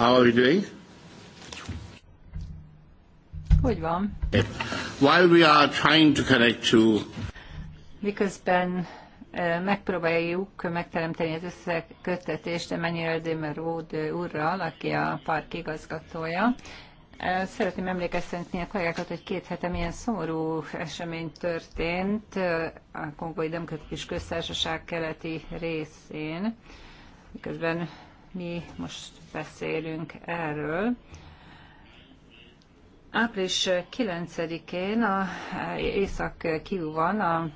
How are you doing? Hogy van? While we are trying to connect to... Miközben megpróbáljuk megteremteni az összeköttetést Emmanuel de Ród úrral, aki a park igazgatója. Szeretném emlékeztetni a kollégákat, hogy két hete milyen szomorú esemény történt a Kongói Demokratikus Köztársaság keleti részén, miközben mi most beszélünk erről. Április 9-én a észak van a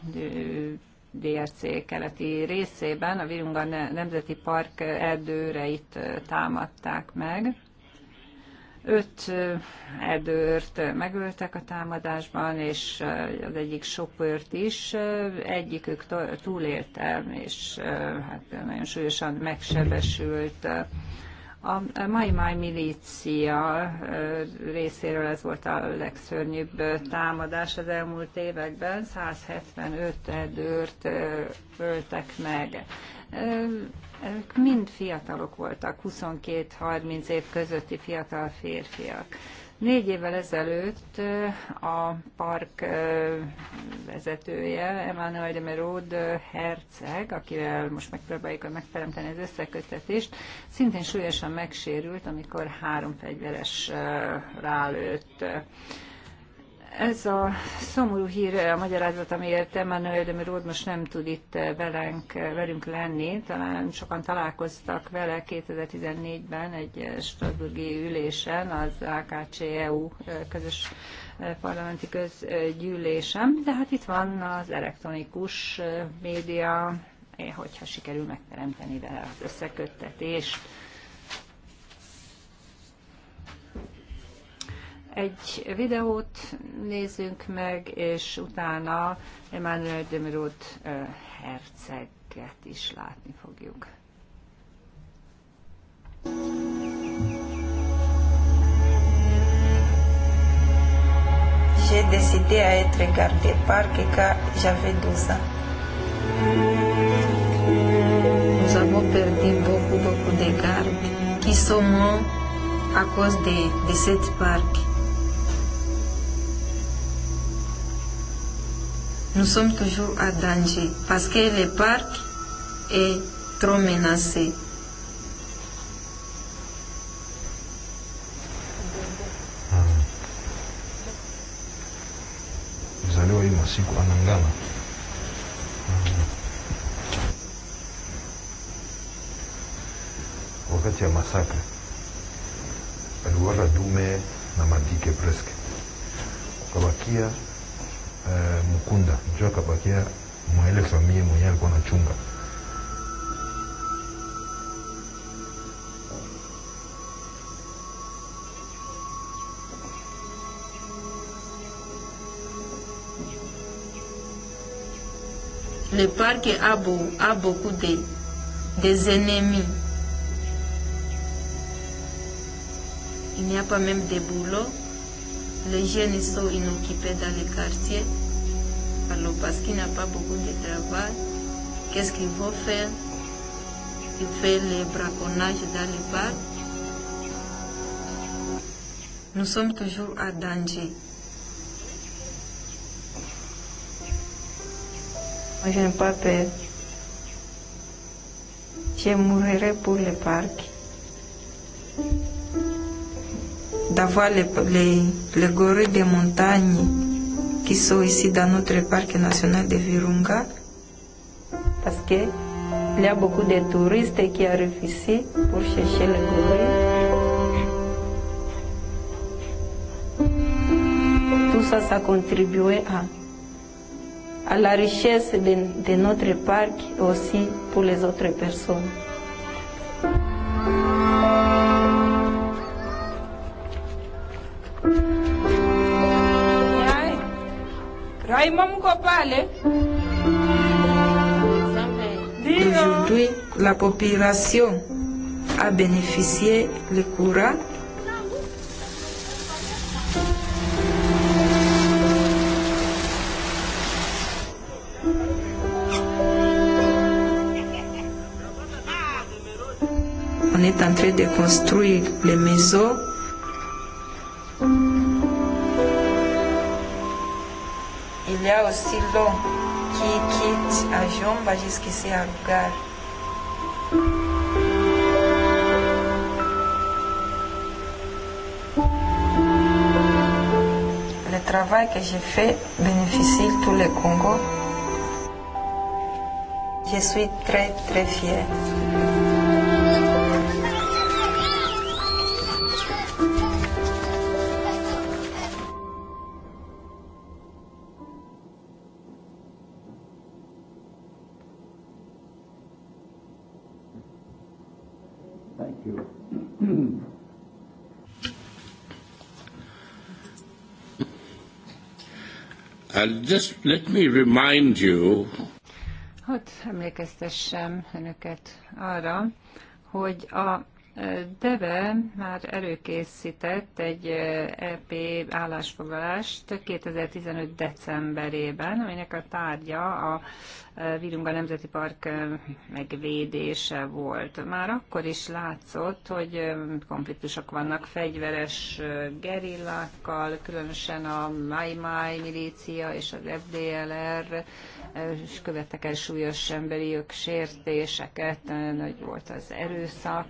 DRC keleti részében a Virunga Nemzeti Park itt támadták meg. Öt erdőrt megöltek a támadásban, és az egyik sopőrt is. Egyikük túlélte, és hát nagyon súlyosan megsebesült. A Mai Mai milícia részéről ez volt a legszörnyűbb támadás az elmúlt években. 175 erdőrt öltek meg. Ők mind fiatalok voltak, 22-30 év közötti fiatal férfiak. Négy évvel ezelőtt a park vezetője, Emmanuel de Merod herceg, akivel most megpróbáljuk megteremteni az összekötetést, szintén súlyosan megsérült, amikor három fegyveres rálőtt. Ez a szomorú hír, a magyarázat, amiért Emmanuel de Mirod most nem tud itt eh, velünk, eh, velünk lenni, talán sokan találkoztak vele 2014-ben egy eh, Strasburgi ülésen, az AKC-EU közös parlamenti közgyűlésem, de hát itt van az elektronikus média, hogyha sikerül megteremteni vele az összeköttetést. Egy videót nézzünk meg, és utána Emmanuel Demirut herceget is látni fogjuk. J'ai décidé à être gardée par Kika, j'avais 12 ans. Nous avons perdu beaucoup, beaucoup de gardes qui sont morts à cause de, de cette parc. nous sommes toujours à danger parce que le parc est trop menacé. mzaliwa hii masiku anangana wakati ya masaka aliuaga dume na madike preske ukabakia uh, Mkunda juu akabakia mwa ile familia mwenyewe alikuwa anachunga. Le parc a, beau, a beaucoup de, des ennemis. Il n'y a pas même de boulot. Les jeunes sont inoccupés dans les quartiers alors parce qu'il n'a pas beaucoup de travail. Qu'est-ce qu'ils vont faire Ils font les braconnages dans les bars. Nous sommes toujours à danger. Moi, je n'ai pas peur. Je mourrai pour le parc. d'avoir les, les, les gorilles des montagnes qui sont ici dans notre parc national de Virunga. Parce qu'il y a beaucoup de touristes qui arrivent ici pour chercher les gorilles. Tout ça, ça contribuait à, à la richesse de, de notre parc et aussi pour les autres personnes. Haimwamko pale, aujourd'hui la population a bénéficié le courant On est en train de construire les maisons será aussi long qui quitte à jomba diz que se alugar. Le travail que j'ai fait bénéficie tout le Congo. Je suis très très fière. just let me remind you. Hadd emlékeztessem önöket arra, hogy a Deve már előkészített egy EP állásfoglalást 2015. decemberében, aminek a tárgya a Virunga Nemzeti Park megvédése volt. Már akkor is látszott, hogy konfliktusok vannak fegyveres gerillákkal, különösen a Mai Mai milícia és az FDLR követtek el súlyos emberi jogsértéseket, nagy volt az erőszak,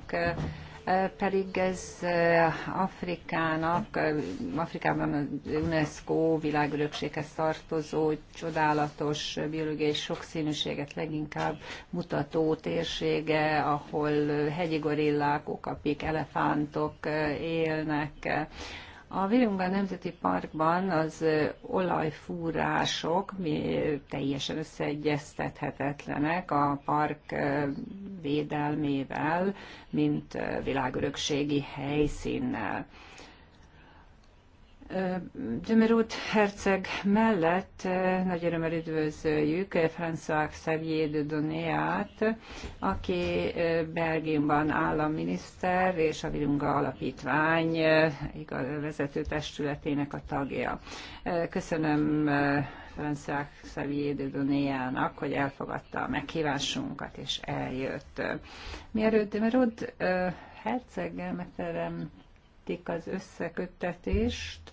pedig ez eh, Afrikának, eh, Afrikában az UNESCO világörökséghez tartozó csodálatos biológiai sokszínűséget leginkább mutató térsége, ahol hegyi gorillák, okapik, elefántok eh, élnek, a Virunga Nemzeti Parkban az olajfúrások mi teljesen összeegyeztethetetlenek a park védelmével, mint világörökségi helyszínnel. Dömerút herceg mellett nagy örömmel üdvözöljük François Xavier de Donéát, aki Belgiumban államminiszter és a Virunga Alapítvány igaz, vezető testületének a tagja. Köszönöm François Xavier de Donéának, hogy elfogadta a meghívásunkat és eljött. Mielőtt Dömerút herceggel megteremtik az összeköttetést,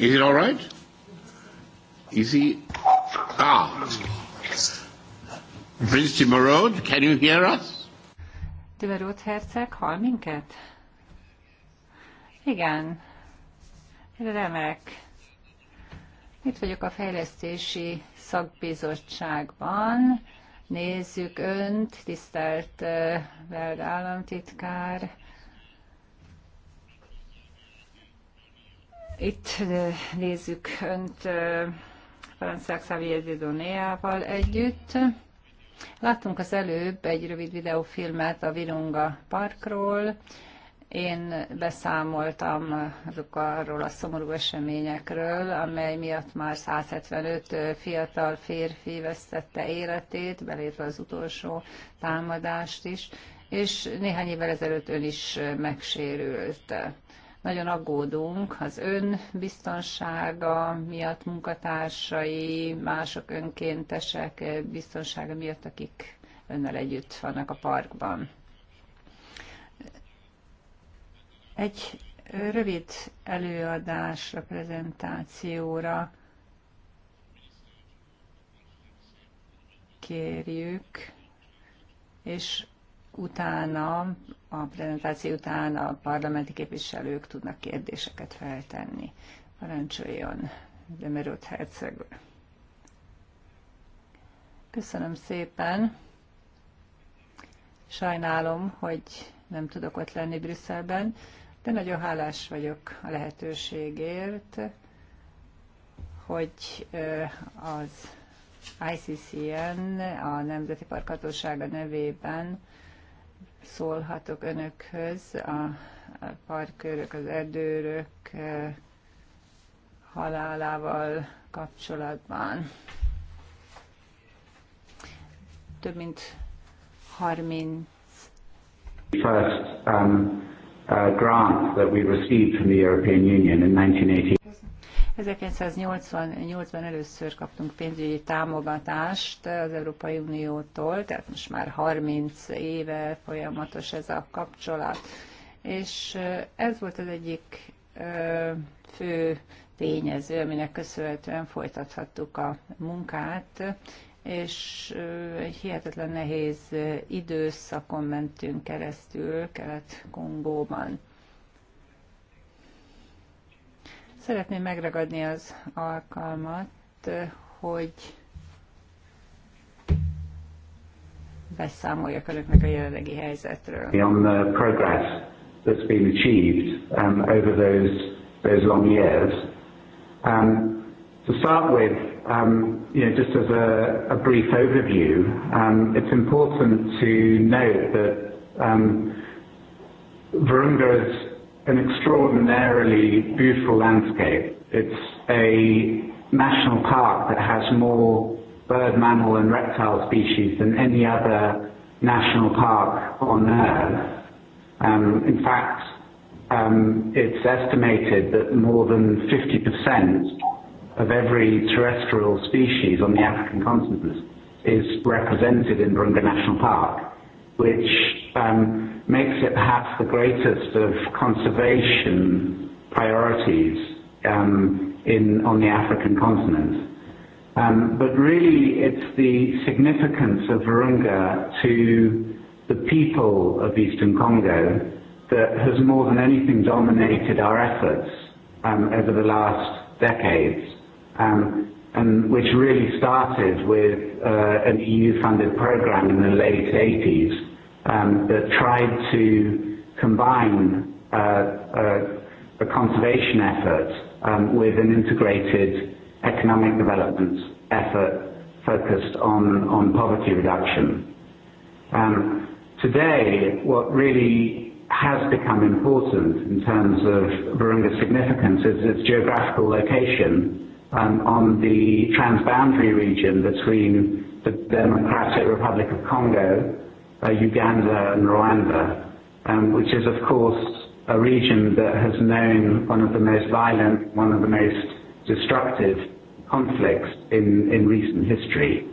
Is it all right? Is he? Ah. Prince Timorod, can you hear us? Timerod herceg hall minket? Igen. Remek. Itt vagyok a fejlesztési szakbizottságban. Nézzük önt, tisztelt belga államtitkár Itt nézzük Önt Franciák Xavier Donéával együtt. Láttunk az előbb egy rövid videófilmet a Virunga Parkról. Én beszámoltam azokról a szomorú eseményekről, amely miatt már 175 fiatal férfi vesztette életét, belétve az utolsó támadást is, és néhány évvel ezelőtt ön is megsérült. Nagyon aggódunk az ön biztonsága miatt, munkatársai, mások önkéntesek biztonsága miatt, akik önnel együtt vannak a parkban. Egy rövid előadásra, prezentációra kérjük, és utána, a prezentáció után a parlamenti képviselők tudnak kérdéseket feltenni. Parancsoljon Demerőt Herceg. Köszönöm szépen. Sajnálom, hogy nem tudok ott lenni Brüsszelben, de nagyon hálás vagyok a lehetőségért, hogy az ICCN, a Nemzeti Parkhatósága nevében szólhatok önökhöz, a parkőrök, az erdőrök eh, halálával kapcsolatban. Több mint 30 First um, uh, grant that we received from the European Union in 1980. 1988-ban először kaptunk pénzügyi támogatást az Európai Uniótól, tehát most már 30 éve folyamatos ez a kapcsolat. És ez volt az egyik fő tényező, aminek köszönhetően folytathattuk a munkát, és egy hihetetlen nehéz időszakon mentünk keresztül Kelet-Kongóban. Szeretném megragadni az alkalmat, hogy beszámoljak önöknek a jelenlegi helyzetről. On the um, uh, progress that's been achieved um, over those, those long years. Um, to start with, um, you know, just as a, a brief overview, um, it's important to note that um, Virunga is an extraordinarily beautiful landscape. It's a national park that has more bird, mammal and reptile species than any other national park on Earth. Um, in fact, um, it's estimated that more than 50% of every terrestrial species on the African continent is represented in Brunga National Park, which um, makes it perhaps the greatest of conservation priorities um, in, on the African continent. Um, but really, it's the significance of Virunga to the people of Eastern Congo that has more than anything dominated our efforts um, over the last decades, um, and which really started with uh, an EU-funded program in the late 80s um, that tried to combine uh, a, uh, a conservation effort um, with an integrated economic development effort focused on, on poverty reduction. Um, today, what really has become important in terms of Virunga's significance is its geographical location um, on the transboundary region between the Democratic Republic of Congo uh, Uganda and Rwanda, um, which is of course a region that has known one of the most violent, one of the most destructive conflicts in, in recent history.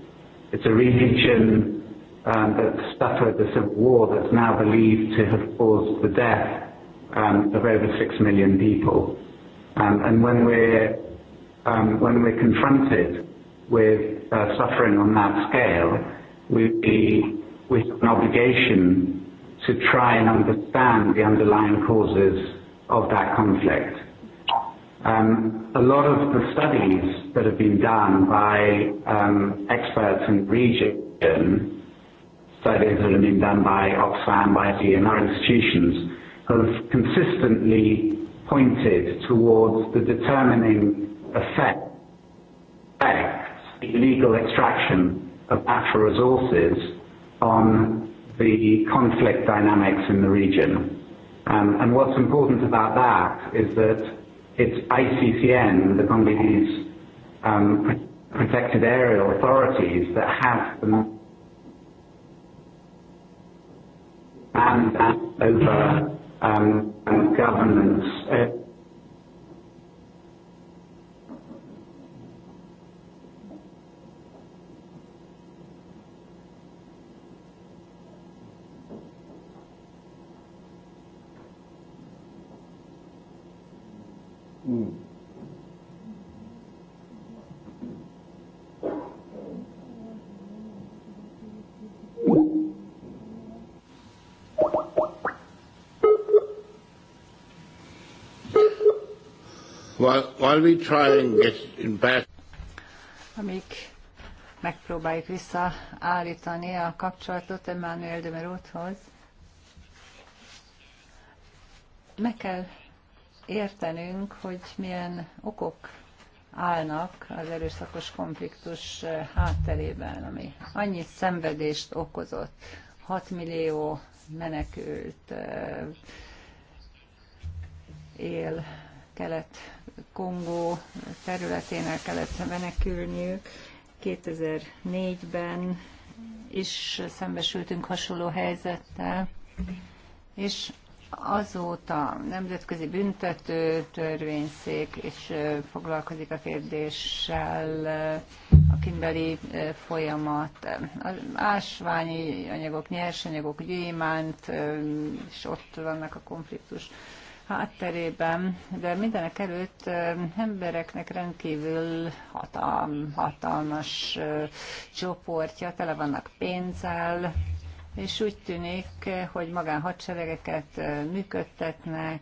It's a region um, that suffered the civil war that's now believed to have caused the death um, of over six million people. Um, and when we're um, when we're confronted with uh, suffering on that scale, we with an obligation to try and understand the underlying causes of that conflict. Um, a lot of the studies that have been done by um, experts in the region, studies that have been done by Oxfam, by the and our institutions, have consistently pointed towards the determining effect, effect the illegal extraction of natural resources on the conflict dynamics in the region. Um, and what's important about that is that it's ICCN, the Congolese um, protected area authorities, that have the mandate over um, governance. Uh, Mm. While, we try and get in back. Amíg megpróbáljuk visszaállítani a kapcsolatot Emmanuel de Meruthoz, meg kell értenünk, hogy milyen okok állnak az erőszakos konfliktus hátterében, ami annyi szenvedést okozott. 6 millió menekült él Kelet-Kongó területén kellett menekülniük. 2004-ben is szembesültünk hasonló helyzettel, és Azóta nemzetközi büntető törvényszék is foglalkozik a kérdéssel, a kimbeli folyamat, az ásványi anyagok, nyersanyagok, gyémánt, és ott vannak a konfliktus hátterében, de mindenek előtt embereknek rendkívül hatalm, hatalmas csoportja, tele vannak pénzzel, és úgy tűnik, hogy magánhadseregeket működtetnek,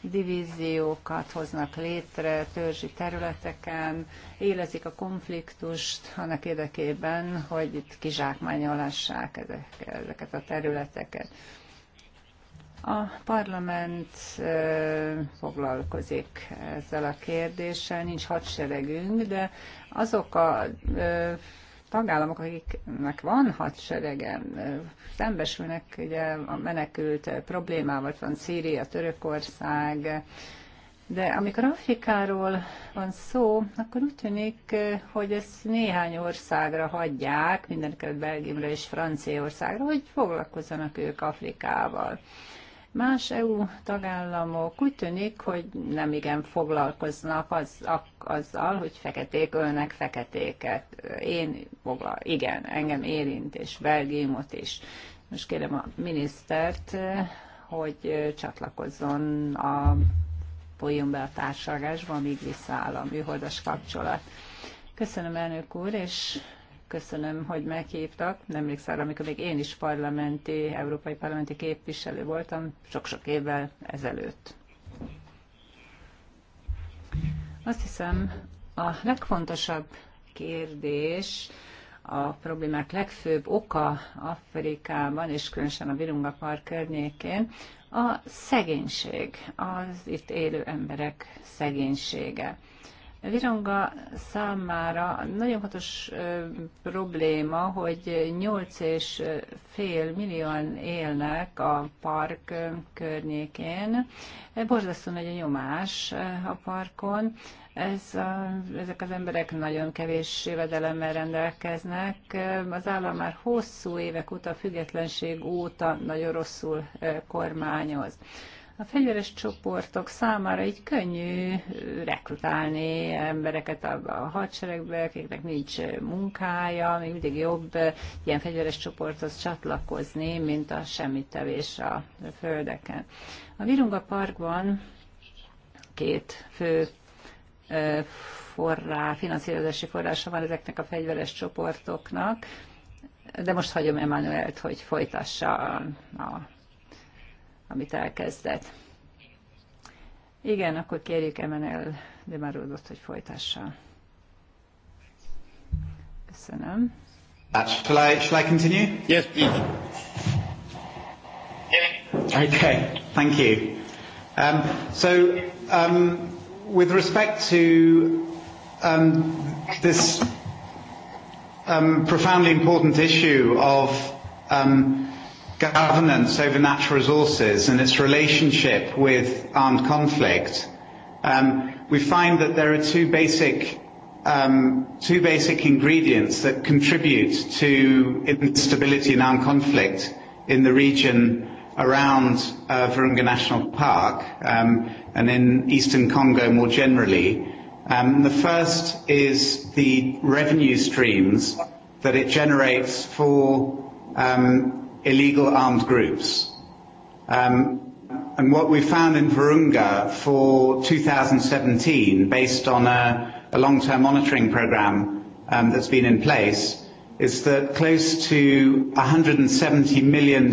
divíziókat hoznak létre törzsi területeken, élezik a konfliktust annak érdekében, hogy itt kizsákmányolassák ezek, ezeket a területeket. A parlament foglalkozik ezzel a kérdéssel, nincs hadseregünk, de azok a tagállamok, akiknek van hadserege, szembesülnek ugye a menekült problémával, van Szíria, Törökország, de amikor Afrikáról van szó, akkor úgy tűnik, hogy ezt néhány országra hagyják, mindenkelőtt Belgiumra és Franciaországra, hogy foglalkozzanak ők Afrikával. Más EU tagállamok úgy tűnik, hogy nem igen foglalkoznak az, a, azzal, hogy feketék ölnek feketéket. Én foglal, igen, engem érint, és Belgiumot is. Most kérem a minisztert, hogy csatlakozzon a folyjon be a társadalásba, amíg visszaáll a műholdas kapcsolat. Köszönöm, elnök úr, és köszönöm, hogy meghívtak. szára, amikor még én is parlamenti, európai parlamenti képviselő voltam, sok-sok évvel ezelőtt. Azt hiszem, a legfontosabb kérdés, a problémák legfőbb oka Afrikában, és különösen a Virunga Park környékén, a szegénység, az itt élő emberek szegénysége. Vironga számára nagyon fontos probléma, hogy 8 és fél millióan élnek a park környékén. Borzasztó nagy a nyomás a parkon. Ez a, ezek az emberek nagyon kevés jövedelemmel rendelkeznek. Az állam már hosszú évek óta, függetlenség óta nagyon rosszul kormányoz. A fegyveres csoportok számára így könnyű rekrutálni embereket a, a hadseregbe, akiknek nincs munkája, még mindig jobb ilyen fegyveres csoporthoz csatlakozni, mint a semmitevés a földeken. A Virunga Parkban két fő forrá, finanszírozási forrása van ezeknek a fegyveres csoportoknak, de most hagyom Emmanuelt, hogy folytassa a, a amit elkezdett. Igen, akkor kérjük de Demarodot, hogy folytassa. Köszönöm. Uh, shall I, shall I continue? Yes, please. Okay, thank you. Um, so, um, with respect to um, this um, profoundly important issue of um, governance over natural resources and its relationship with armed conflict, um, we find that there are two basic um, two basic ingredients that contribute to instability and armed conflict in the region around uh, Virunga National Park um, and in eastern Congo more generally. Um, the first is the revenue streams that it generates for um, illegal armed groups. Um, and what we found in Virunga for 2017, based on a, a long-term monitoring program um, that's been in place, is that close to $170 million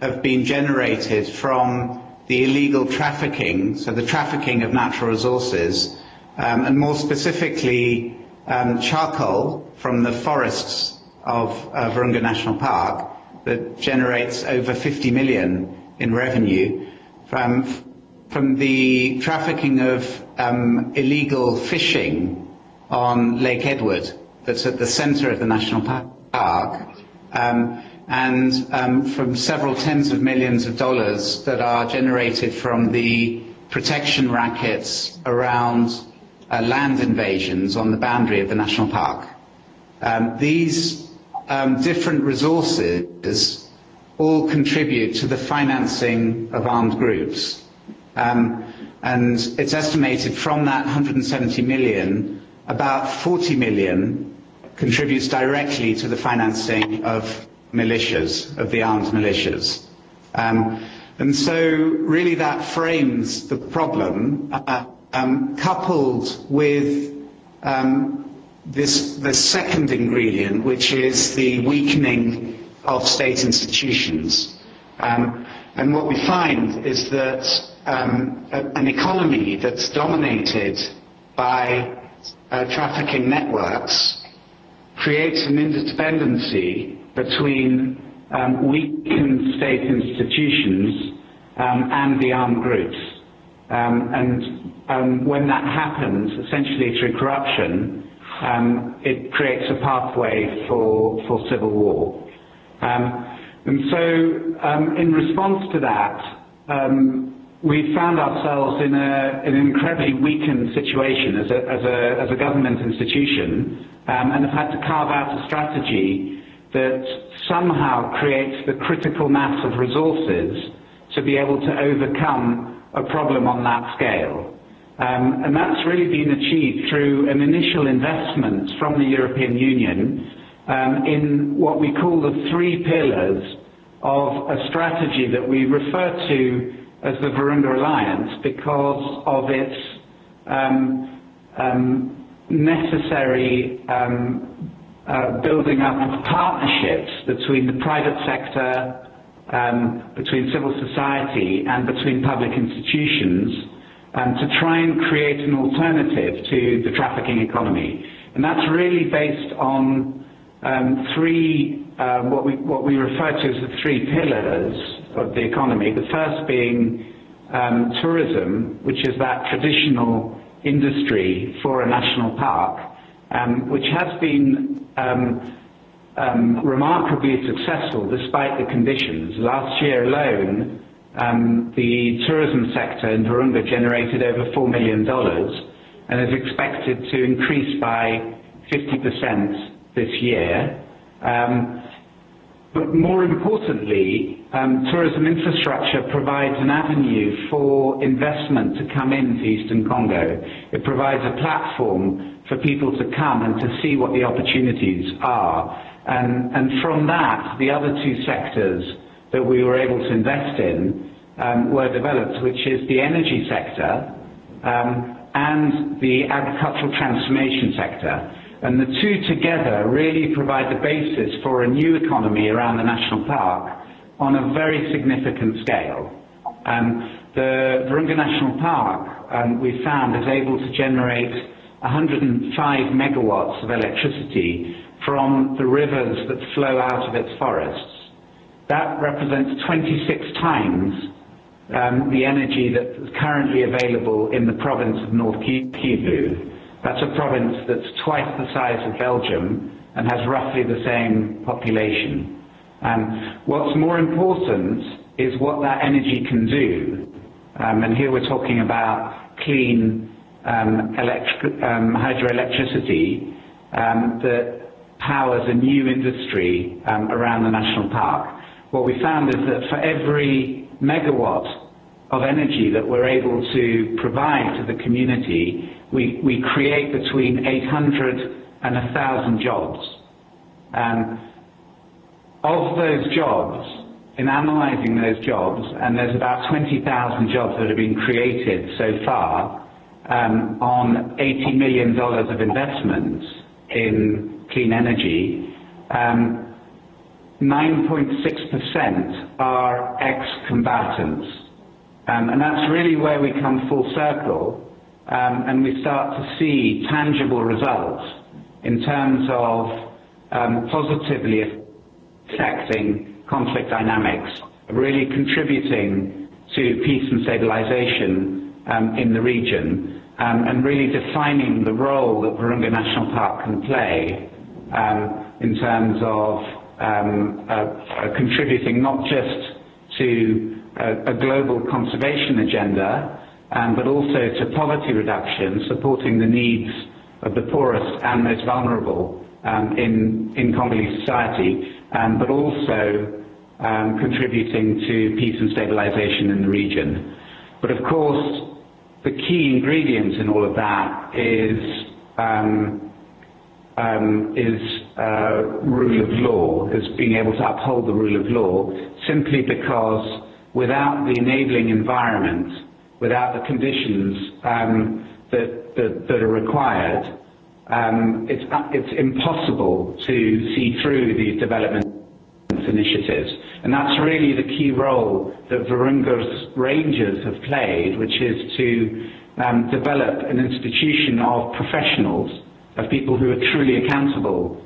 have been generated from the illegal trafficking, so the trafficking of natural resources, um, and more specifically, um, charcoal from the forests of uh, Virunga National Park, that generates over 50 million in revenue from from the trafficking of um, illegal fishing on Lake Edward that's at the centre of the national park um, and um, from several tens of millions of dollars that are generated from the protection rackets around uh, land invasions on the boundary of the national park. Um, these um, different resources all contribute to the financing of armed groups. Um, and it's estimated from that 170 million, about 40 million contributes directly to the financing of militias, of the armed militias. Um, and so really that frames the problem, uh, um, coupled with um, this, the second ingredient, which is the weakening of state institutions. Um, and what we find is that um, a, an economy that's dominated by uh, trafficking networks creates an interdependency between um, weakened state institutions um, and the armed groups. Um, and um, when that happens, essentially through corruption, um, it creates a pathway for, for civil war. Um, and so um, in response to that, um, we found ourselves in, a, an incredibly weakened situation as a, as a, as a government institution um, and have had to carve out a strategy that somehow creates the critical mass of resources to be able to overcome a problem on that scale. Um, and that's really been achieved through an initial investment from the European Union um, in what we call the three pillars of a strategy that we refer to as the Virunga Alliance because of its um, um, necessary um, uh, building up of partnerships between the private sector, um, between civil society and between public institutions um, to try and create an alternative to the trafficking economy. And that's really based on um, three, um, what, we, what we refer to as the three pillars of the economy. The first being um, tourism, which is that traditional industry for a national park, um, which has been um, um, remarkably successful despite the conditions. Last year alone, um, the tourism sector in Virunga generated over $4 million and is expected to increase by 50% this year. Um, but more importantly, um, tourism infrastructure provides an avenue for investment to come into Eastern Congo. It provides a platform for people to come and to see what the opportunities are. And, and from that, the other two sectors that we were able to invest in um, were developed, which is the energy sector um, and the agricultural transformation sector. And the two together really provide the basis for a new economy around the national park on a very significant scale. Um, the Virunga National Park, um, we found, is able to generate 105 megawatts of electricity from the rivers that flow out of its forests. That represents 26 times um, the energy that's currently available in the province of North Kivu. That's a province that's twice the size of Belgium and has roughly the same population. Um, what's more important is what that energy can do. Um, and here we're talking about clean um, um, hydroelectricity um, that powers a new industry um, around the national park what we found is that for every megawatt of energy that we're able to provide to the community, we, we create between 800 and 1,000 jobs. Um, of those jobs, in analyzing those jobs, and there's about 20,000 jobs that have been created so far um, on $80 million of investments in clean energy, um, 9.6% are ex-combatants. Um, and that's really where we come full circle um, and we start to see tangible results in terms of um, positively affecting conflict dynamics, really contributing to peace and stabilization um, in the region um, and really defining the role that Virunga National Park can play um, in terms of um, uh, uh, contributing not just to a, uh, a global conservation agenda, um, but also to poverty reduction, supporting the needs of the poorest and most vulnerable um, in, in Congolese society, um, but also um, contributing to peace and stabilization in the region. But of course, the key ingredient in all of that is um, um, is uh, rule of law, as being able to uphold the rule of law, simply because without the enabling environment, without the conditions um, that, that, that are required, um, it's, uh, it's impossible to see through these development initiatives. And that's really the key role that Virunga's Rangers have played, which is to um, develop an institution of professionals, of people who are truly accountable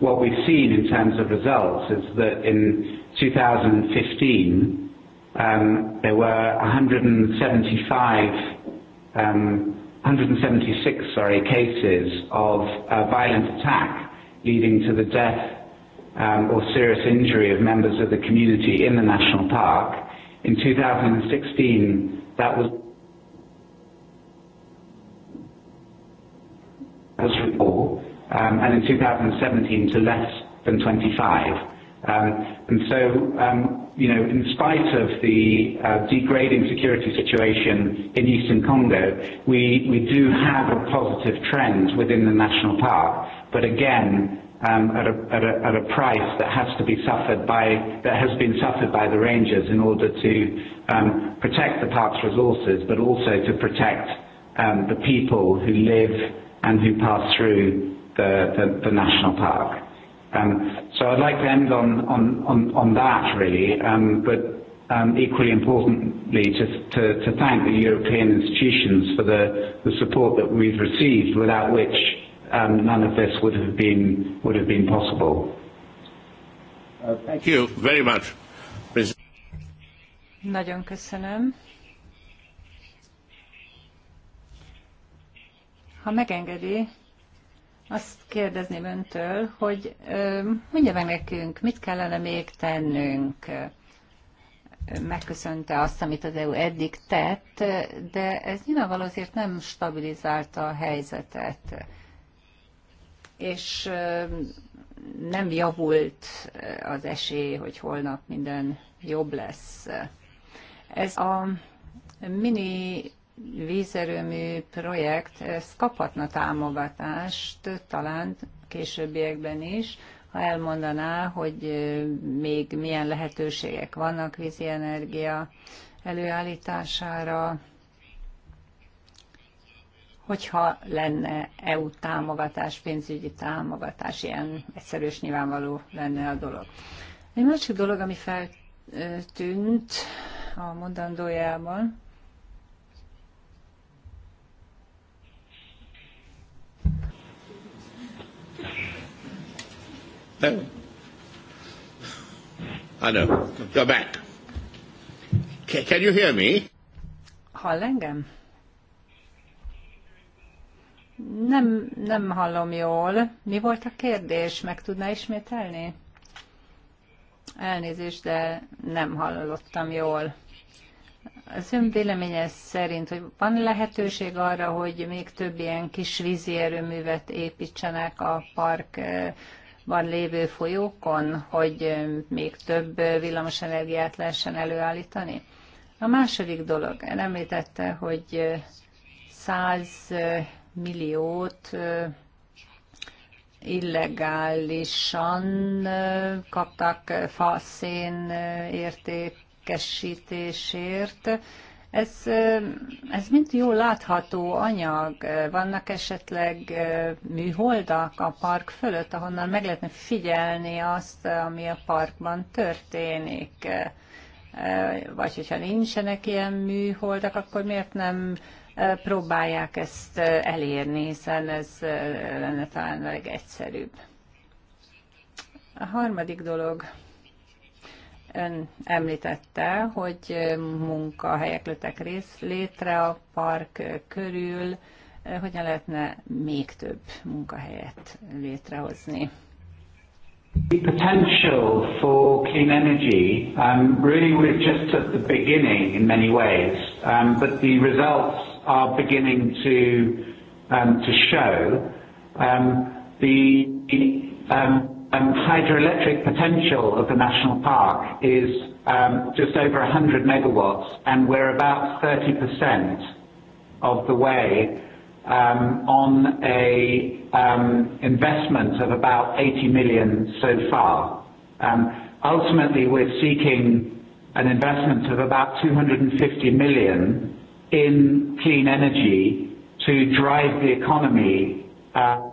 what we've seen in terms of results is that in 2015, um, there were 175, um, 176, sorry, cases of a violent attack leading to the death um, or serious injury of members of the community in the national park. In 2016, that was um, and in 2017 to less than 25. Um, and so, um, you know, in spite of the uh, degrading security situation in eastern Congo, we, we do have a positive trend within the national park, but again, um, at, a, at, a, at a price that has to be suffered by, that has been suffered by the rangers in order to um, protect the park's resources, but also to protect um, the people who live and who pass through the, the, the national park. Um, so I'd like to end on, on, on, on that really, um, but um, equally importantly just to, to thank the European institutions for the, the support that we've received without which um, none of this would have been, would have been possible. Uh, thank you very much. Nagyon köszönöm. Ha megengedi, azt kérdezném öntől, hogy mondja meg nekünk, mit kellene még tennünk? Megköszönte azt, amit az EU eddig tett, de ez nyilvánvaló azért nem stabilizálta a helyzetet. És nem javult az esély, hogy holnap minden jobb lesz. Ez a mini vízerőmű projekt, ez kaphatna támogatást talán későbbiekben is, ha elmondaná, hogy még milyen lehetőségek vannak vízi energia előállítására, hogyha lenne EU támogatás, pénzügyi támogatás, ilyen egyszerűs nyilvánvaló lenne a dolog. Egy másik dolog, ami feltűnt a mondandójában, I know. You're back. C- can you hear me? Hall engem? Nem, nem hallom jól. Mi volt a kérdés? Meg tudná ismételni? Elnézést, de nem hallottam jól. Az ön véleménye szerint, hogy van lehetőség arra, hogy még több ilyen kis vízi erőművet építsenek a park eh, van lévő folyókon, hogy még több villamosenergiát lehessen előállítani? A második dolog, említette, hogy 100 milliót illegálisan kaptak faszén értékesítésért. Ez, ez mind jól látható anyag. Vannak esetleg műholdak a park fölött, ahonnan meg lehetne figyelni azt, ami a parkban történik. Vagy hogyha nincsenek ilyen műholdak, akkor miért nem próbálják ezt elérni, hiszen ez lenne talán a legegyszerűbb. A harmadik dolog. Ön említette, hogy munkahelyek lőttek rész létre a park körül. Hogyan lehetne még több munkahelyet létrehozni? The potential for clean energy, um, really we're just at the beginning in many ways, um, but the results are beginning to um, to show. Um, the um, um, hydroelectric potential of the national park is um, just over 100 megawatts, and we're about 30% of the way um, on a um, investment of about 80 million so far. Um, ultimately, we're seeking an investment of about 250 million in clean energy to drive the economy. Uh,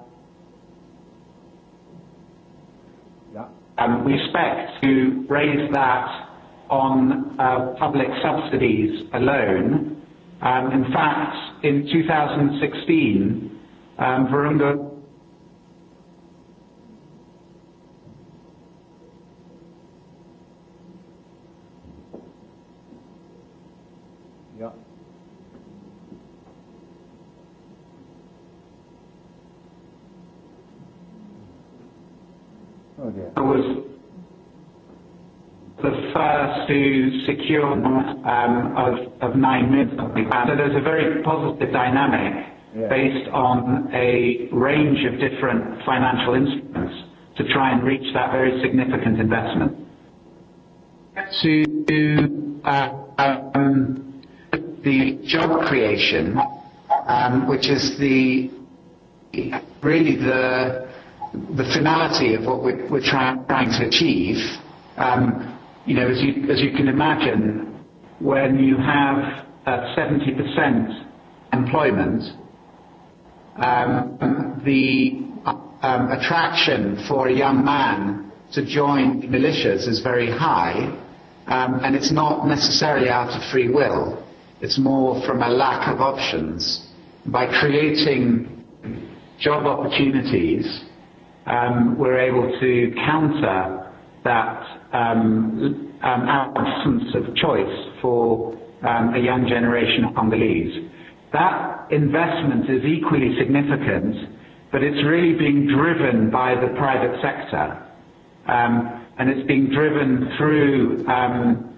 Um, we expect to raise that on uh, public subsidies alone. Um, in fact, in 2016, um, Virunga Okay. I was the first to secure um, of, of nine minutes. So there's a very positive dynamic yeah. based on a range of different financial instruments to try and reach that very significant investment. To uh, um, the job creation, um, which is the really the the finality of what we're, we're try, trying to achieve, um, you know, as you, as you can imagine, when you have uh, 70% employment, um, the um, attraction for a young man to join the militias is very high, um, and it's not necessarily out of free will. It's more from a lack of options. By creating job opportunities um, we're able to counter that um, um, absence of choice for um, a young generation of Congolese. That investment is equally significant, but it's really being driven by the private sector. Um, and it's being driven through um,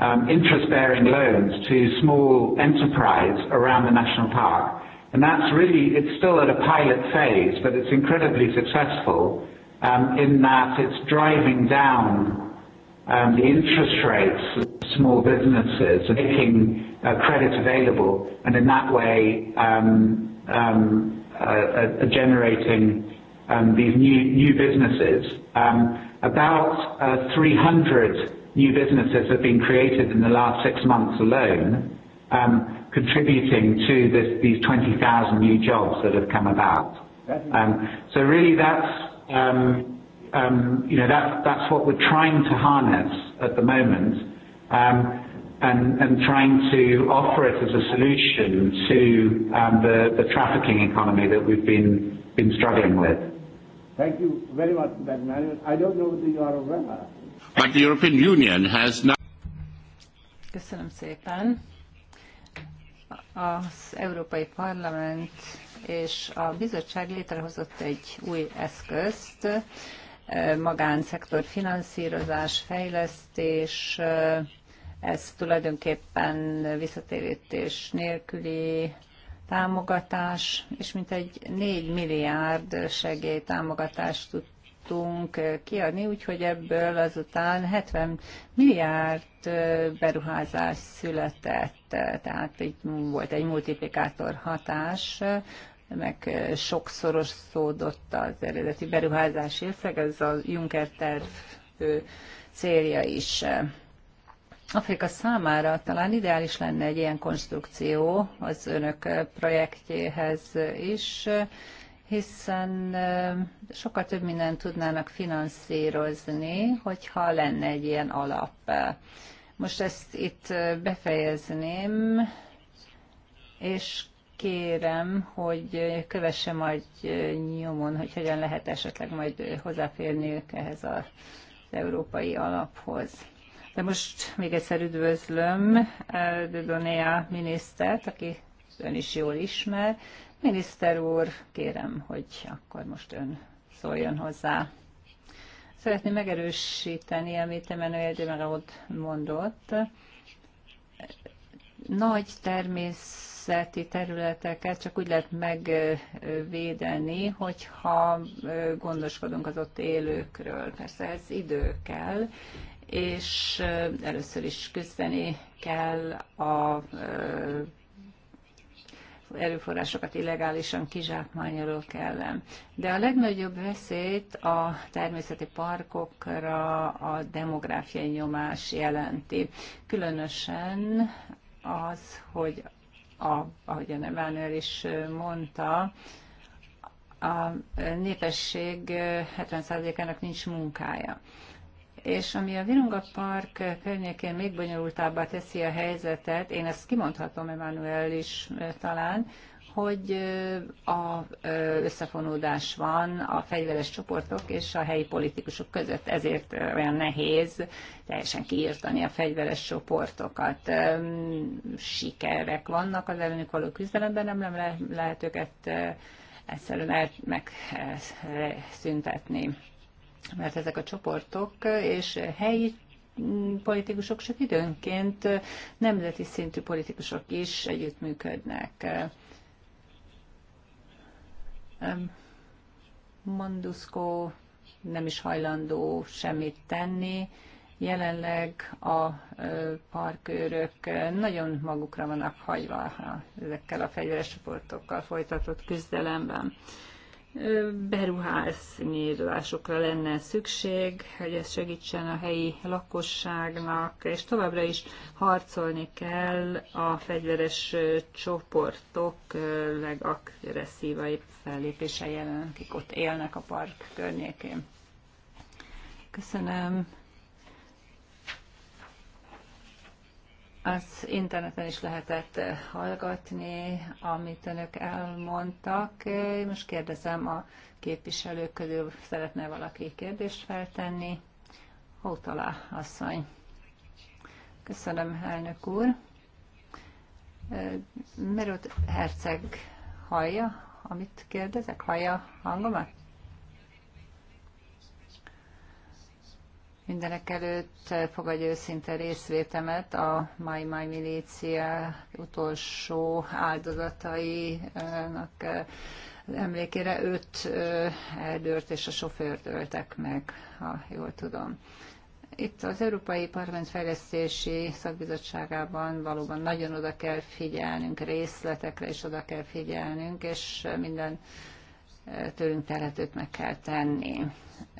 um, interest-bearing loans to small enterprise around the national park and That's really, it's still at a pilot phase, but it's incredibly successful, um, in that it's driving down um, the interest rates of small businesses and making uh, credit available, and in that way, um, um, uh, uh, generating um, these new, new businesses. Um, about uh, 300 new businesses have been created in the last six months alone. Um, contributing to this, these 20,000 new jobs that have come about. Um, so really that's, um, um, you know, that, that's what we're trying to harness at the moment um, and, and trying to offer it as a solution to um, the, the trafficking economy that we've been, been struggling with. Thank you very much for that, Manuel. I don't know whether you are aware. But the European Union has now... Köszönöm szépen az Európai Parlament és a bizottság létrehozott egy új eszközt, magánszektor finanszírozás, fejlesztés, ez tulajdonképpen visszatérítés nélküli támogatás, és mintegy 4 milliárd segélytámogatást tud tudtunk eh, kiadni, úgyhogy ebből azután 70 milliárd eh, beruházás született, eh, tehát itt volt egy multiplikátor hatás, meg sokszoros szódott az eredeti beruházás érszeg, ez a Juncker terv célja is. Afrika számára talán ideális lenne egy ilyen konstrukció az önök projektjéhez is, hiszen sokkal több mindent tudnának finanszírozni, hogyha lenne egy ilyen alap. Most ezt itt befejezném, és kérem, hogy kövesse majd nyomon, hogy hogyan lehet esetleg majd hozzáférniük ehhez az európai alaphoz. De most még egyszer üdvözlöm Dudonea minisztert, aki ön is jól ismer, Miniszter úr, kérem, hogy akkor most ön szóljon hozzá. Szeretném megerősíteni, amit Emmanuel de ott mondott. Nagy természeti területeket csak úgy lehet megvédeni, hogyha gondoskodunk az ott élőkről. Persze ez idő kell, és először is küzdeni kell a erőforrásokat illegálisan kizsákmányoló ellen. De a legnagyobb veszélyt a természeti parkokra a demográfiai nyomás jelenti. Különösen az, hogy a, ahogy a Nevánőr is mondta, a népesség eh, 70%-ának nincs munkája és ami a Virunga Park környékén még bonyolultabbá teszi a helyzetet, én ezt kimondhatom Emmanuel is eh, talán, hogy eh, a eh, összefonódás van a fegyveres csoportok és a helyi politikusok között, ezért olyan nehéz teljesen kiírtani a fegyveres csoportokat. Sikerek vannak az ellenük való küzdelemben, nem, nem lehet őket egyszerűen megszüntetni mert ezek a csoportok és helyi politikusok, csak időnként nemzeti szintű politikusok is együttműködnek. Manduszko nem is hajlandó semmit tenni. Jelenleg a parkőrök nagyon magukra vannak hagyva ezekkel a fegyveres csoportokkal folytatott küzdelemben beruházmírásokra lenne szükség, hogy ez segítsen a helyi lakosságnak, és továbbra is harcolni kell a fegyveres csoportok legagresszívai fellépése jelen, akik ott élnek a park környékén. Köszönöm. Az interneten is lehetett eh, hallgatni, amit önök elmondtak. Eh, most kérdezem a képviselők közül, szeretne valaki kérdést feltenni? Hótala asszony. Köszönöm, elnök úr. Eh, Merőt Herceg hallja, amit kérdezek? Hallja hangomat? Mindenek előtt fogadja őszinte részvétemet a Mai Mai Milícia utolsó áldozatainak eh, emlékére. Öt eh, erdőrt és a sofőrt öltek meg, ha jól tudom. Itt az Európai Parlament Fejlesztési Szakbizottságában valóban nagyon oda kell figyelnünk, részletekre is oda kell figyelnünk, és minden tőlünk telhetőt meg kell tenni.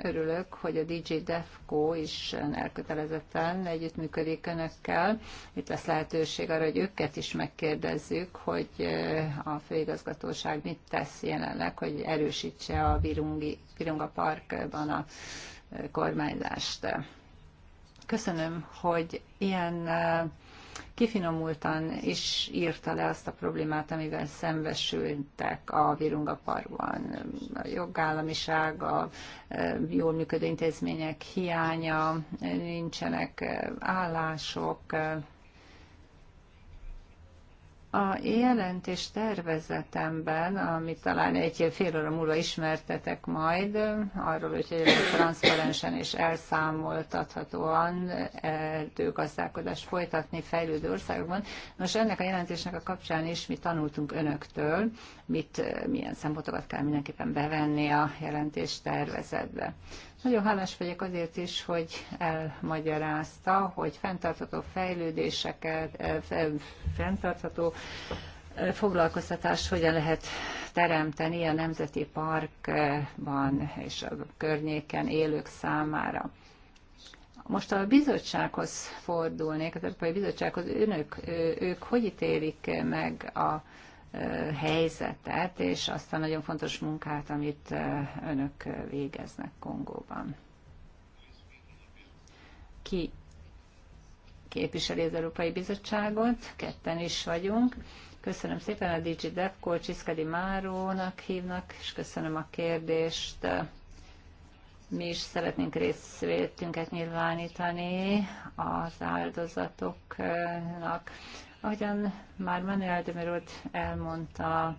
Örülök, hogy a DJ Defco is elkötelezetten együttműködik önökkel. Itt lesz lehetőség arra, hogy őket is megkérdezzük, hogy a főigazgatóság mit tesz jelenleg, hogy erősítse a Virungi, Virunga Parkban a kormányzást. Köszönöm, hogy ilyen kifinomultan is írta le azt a problémát, amivel szembesültek a Virunga Parkban. A jogállamiság, a e, jól működő intézmények hiánya, nincsenek e, állások, e, a jelentés tervezetemben, amit talán egy fél óra múlva ismertetek majd, arról, hogy transzparensen és elszámoltathatóan erdőgazdálkodást folytatni fejlődő országokban. Nos, ennek a jelentésnek a kapcsán is mi tanultunk önöktől, mit, milyen szempontokat kell mindenképpen bevenni a jelentés tervezetbe. Nagyon hálás vagyok azért is, hogy elmagyarázta, hogy fenntartható fejlődéseket, eh, fenntartható eh, foglalkoztatást hogyan lehet teremteni a Nemzeti Parkban és a környéken élők számára. Most a bizottsághoz fordulnék, az Európai Bizottsághoz önök, eh, ők hogy ítélik meg a helyzetet, és azt a nagyon fontos munkát, amit önök végeznek Kongóban. Ki képviseli az Európai Bizottságot? Ketten is vagyunk. Köszönöm szépen a Digi Defco, Csiszkedi Márónak hívnak, és köszönöm a kérdést. Mi is szeretnénk részvétünket nyilvánítani az áldozatoknak. Ahogyan már Manuel de Merod elmondta,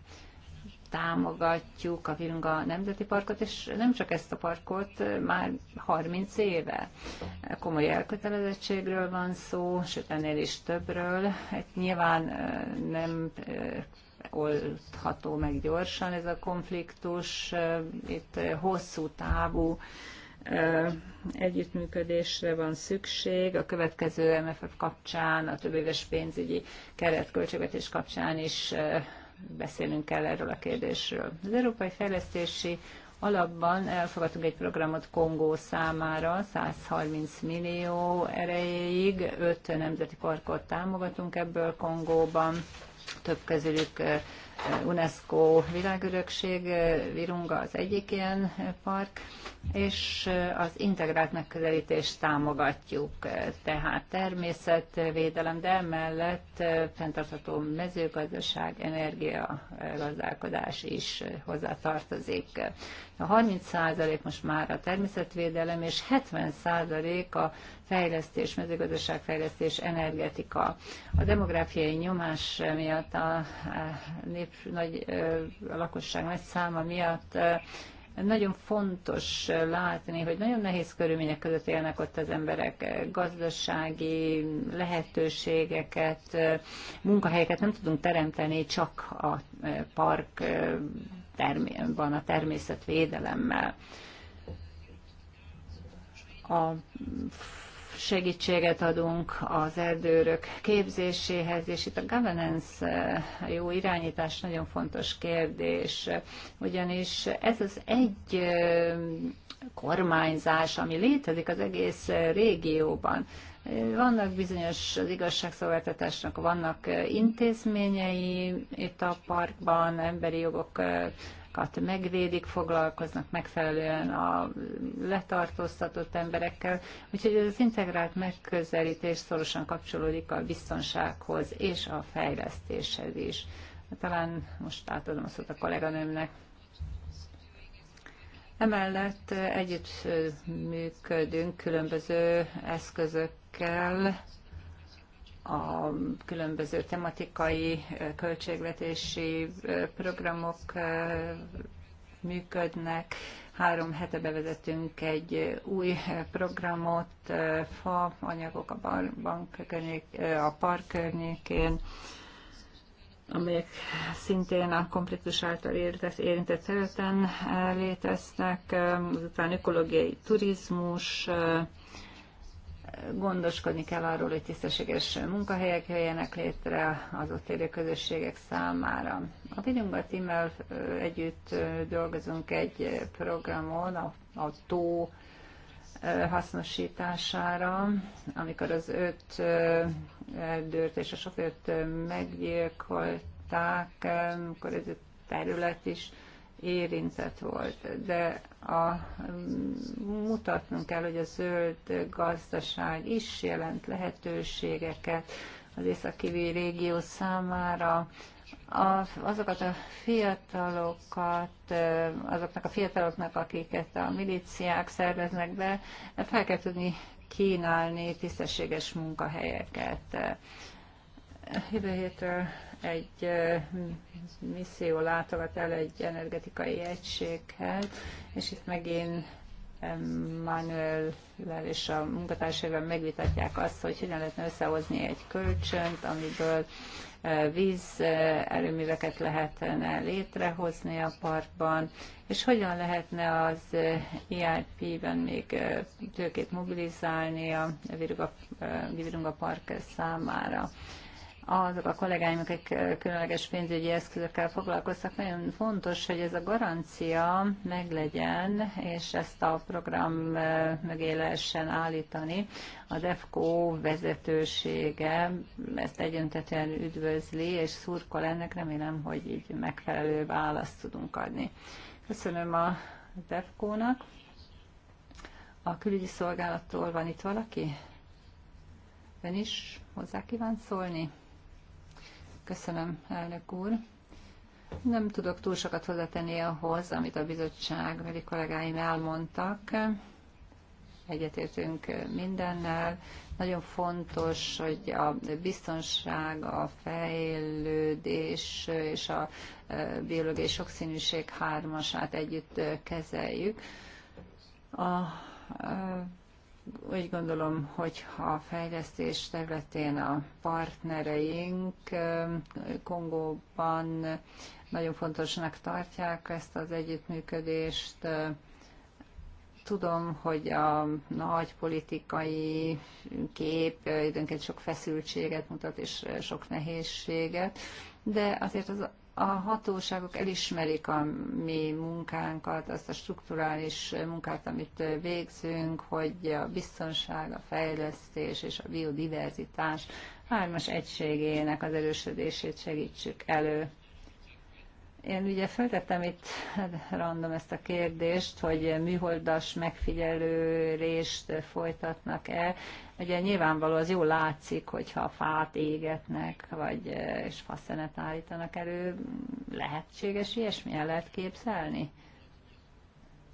támogatjuk a Virunga Nemzeti Parkot, és nem csak ezt a parkot, már 30 éve komoly elkötelezettségről van szó, sőt ennél is többről. Hát nyilván nem oldható meg gyorsan ez a konfliktus, itt hosszú távú együttműködésre van szükség a következő MFF kapcsán, a éves pénzügyi keretköltségvetés kapcsán is beszélünk kell erről a kérdésről. Az Európai Fejlesztési Alapban elfogadtunk egy programot Kongó számára, 130 millió erejéig, öt nemzeti parkot támogatunk ebből Kongóban, több közülük UNESCO világörökség, eh, Virunga az egyik ilyen eh, park, és eh, az integrált megközelítést támogatjuk, tehát természetvédelem, de emellett fenntartható mezőgazdaság, energia, gazdálkodás is hozzátartozik. A 30% most már a természetvédelem, és 70% a fejlesztés, mezőgazdaságfejlesztés, energetika. A demográfiai nyomás miatt, a, nép, nagy, a lakosság nagy száma miatt nagyon fontos látni, hogy nagyon nehéz körülmények között élnek ott az emberek, gazdasági lehetőségeket, munkahelyeket nem tudunk teremteni csak a park van a természetvédelemmel. A segítséget adunk az erdőrök képzéséhez, és itt a governance, a eh, jó irányítás nagyon fontos kérdés, ugyanis ez az egy eh, kormányzás, ami létezik az egész régióban. Eh, vannak bizonyos, az igazságszolgáltatásnak vannak intézményei itt a parkban, emberi jogok embereket megvédik, foglalkoznak megfelelően a letartóztatott emberekkel. Úgyhogy ez az integrált megközelítés szorosan kapcsolódik a biztonsághoz és a fejlesztéshez is. Talán most átadom a szót a kolléganőmnek. Emellett együtt működünk különböző eszközökkel, a különböző tematikai költségvetési programok működnek. Három hete bevezetünk egy új programot, fa anyagok a, bar, bank környék, a park környékén, amelyek szintén a konfliktus által érintett, érintett területen léteznek, azután ökológiai turizmus, gondoskodni kell arról, hogy tisztességes munkahelyek jöjjenek létre az ott élő közösségek számára. A Vilumba Timmel együtt dolgozunk egy programon, a, a tó hasznosítására, amikor az öt erdőrt és a sofőrt meggyilkolták, akkor ez a terület is érintett volt, de a, mutatnunk kell, hogy a zöld gazdaság is jelent lehetőségeket az északi régió számára, a, azokat a fiatalokat, azoknak a fiataloknak, akiket a milíciák szerveznek be, fel kell tudni kínálni tisztességes munkahelyeket. Jövő héttől egy misszió látogat el egy energetikai egységhez, és itt megint Manuel és a munkatársaival megvitatják azt, hogy hogyan lehetne összehozni egy kölcsönt, amiből víz erőműveket lehetne létrehozni a parkban, és hogyan lehetne az EIP-ben még tőkét mobilizálni a Virunga Park számára azok a kollégáim, akik különleges pénzügyi eszközökkel foglalkoztak, nagyon fontos, hogy ez a garancia meglegyen, és ezt a program mögé lehessen állítani. A DEFCO vezetősége ezt egyöntetően üdvözli, és szurkol ennek, remélem, hogy így megfelelő választ tudunk adni. Köszönöm a DEFCO-nak. A külügyi szolgálattól van itt valaki? Ön is hozzá kíván szólni? Köszönöm, elnök úr. Nem tudok túl sokat hozzátenni ahhoz, amit a bizottság veli kollégáim elmondtak. Egyetértünk mindennel. Nagyon fontos, hogy a biztonság, a fejlődés és a e, biológiai sokszínűség hármasát együtt kezeljük. A e, úgy gondolom, hogy a fejlesztés területén a partnereink Kongóban nagyon fontosnak tartják ezt az együttműködést. Tudom, hogy a nagy politikai kép időnként sok feszültséget mutat és sok nehézséget, de azért az a hatóságok elismerik a mi munkánkat, azt a strukturális munkát, amit végzünk, hogy a biztonság, a fejlesztés és a biodiverzitás hármas egységének az erősödését segítsük elő. Én ugye feltettem itt random ezt a kérdést, hogy műholdas megfigyelőrést folytatnak el, Ugye nyilvánvaló az jól látszik, hogyha fát égetnek, vagy és faszenet állítanak elő. Lehetséges ilyesmi el lehet képzelni?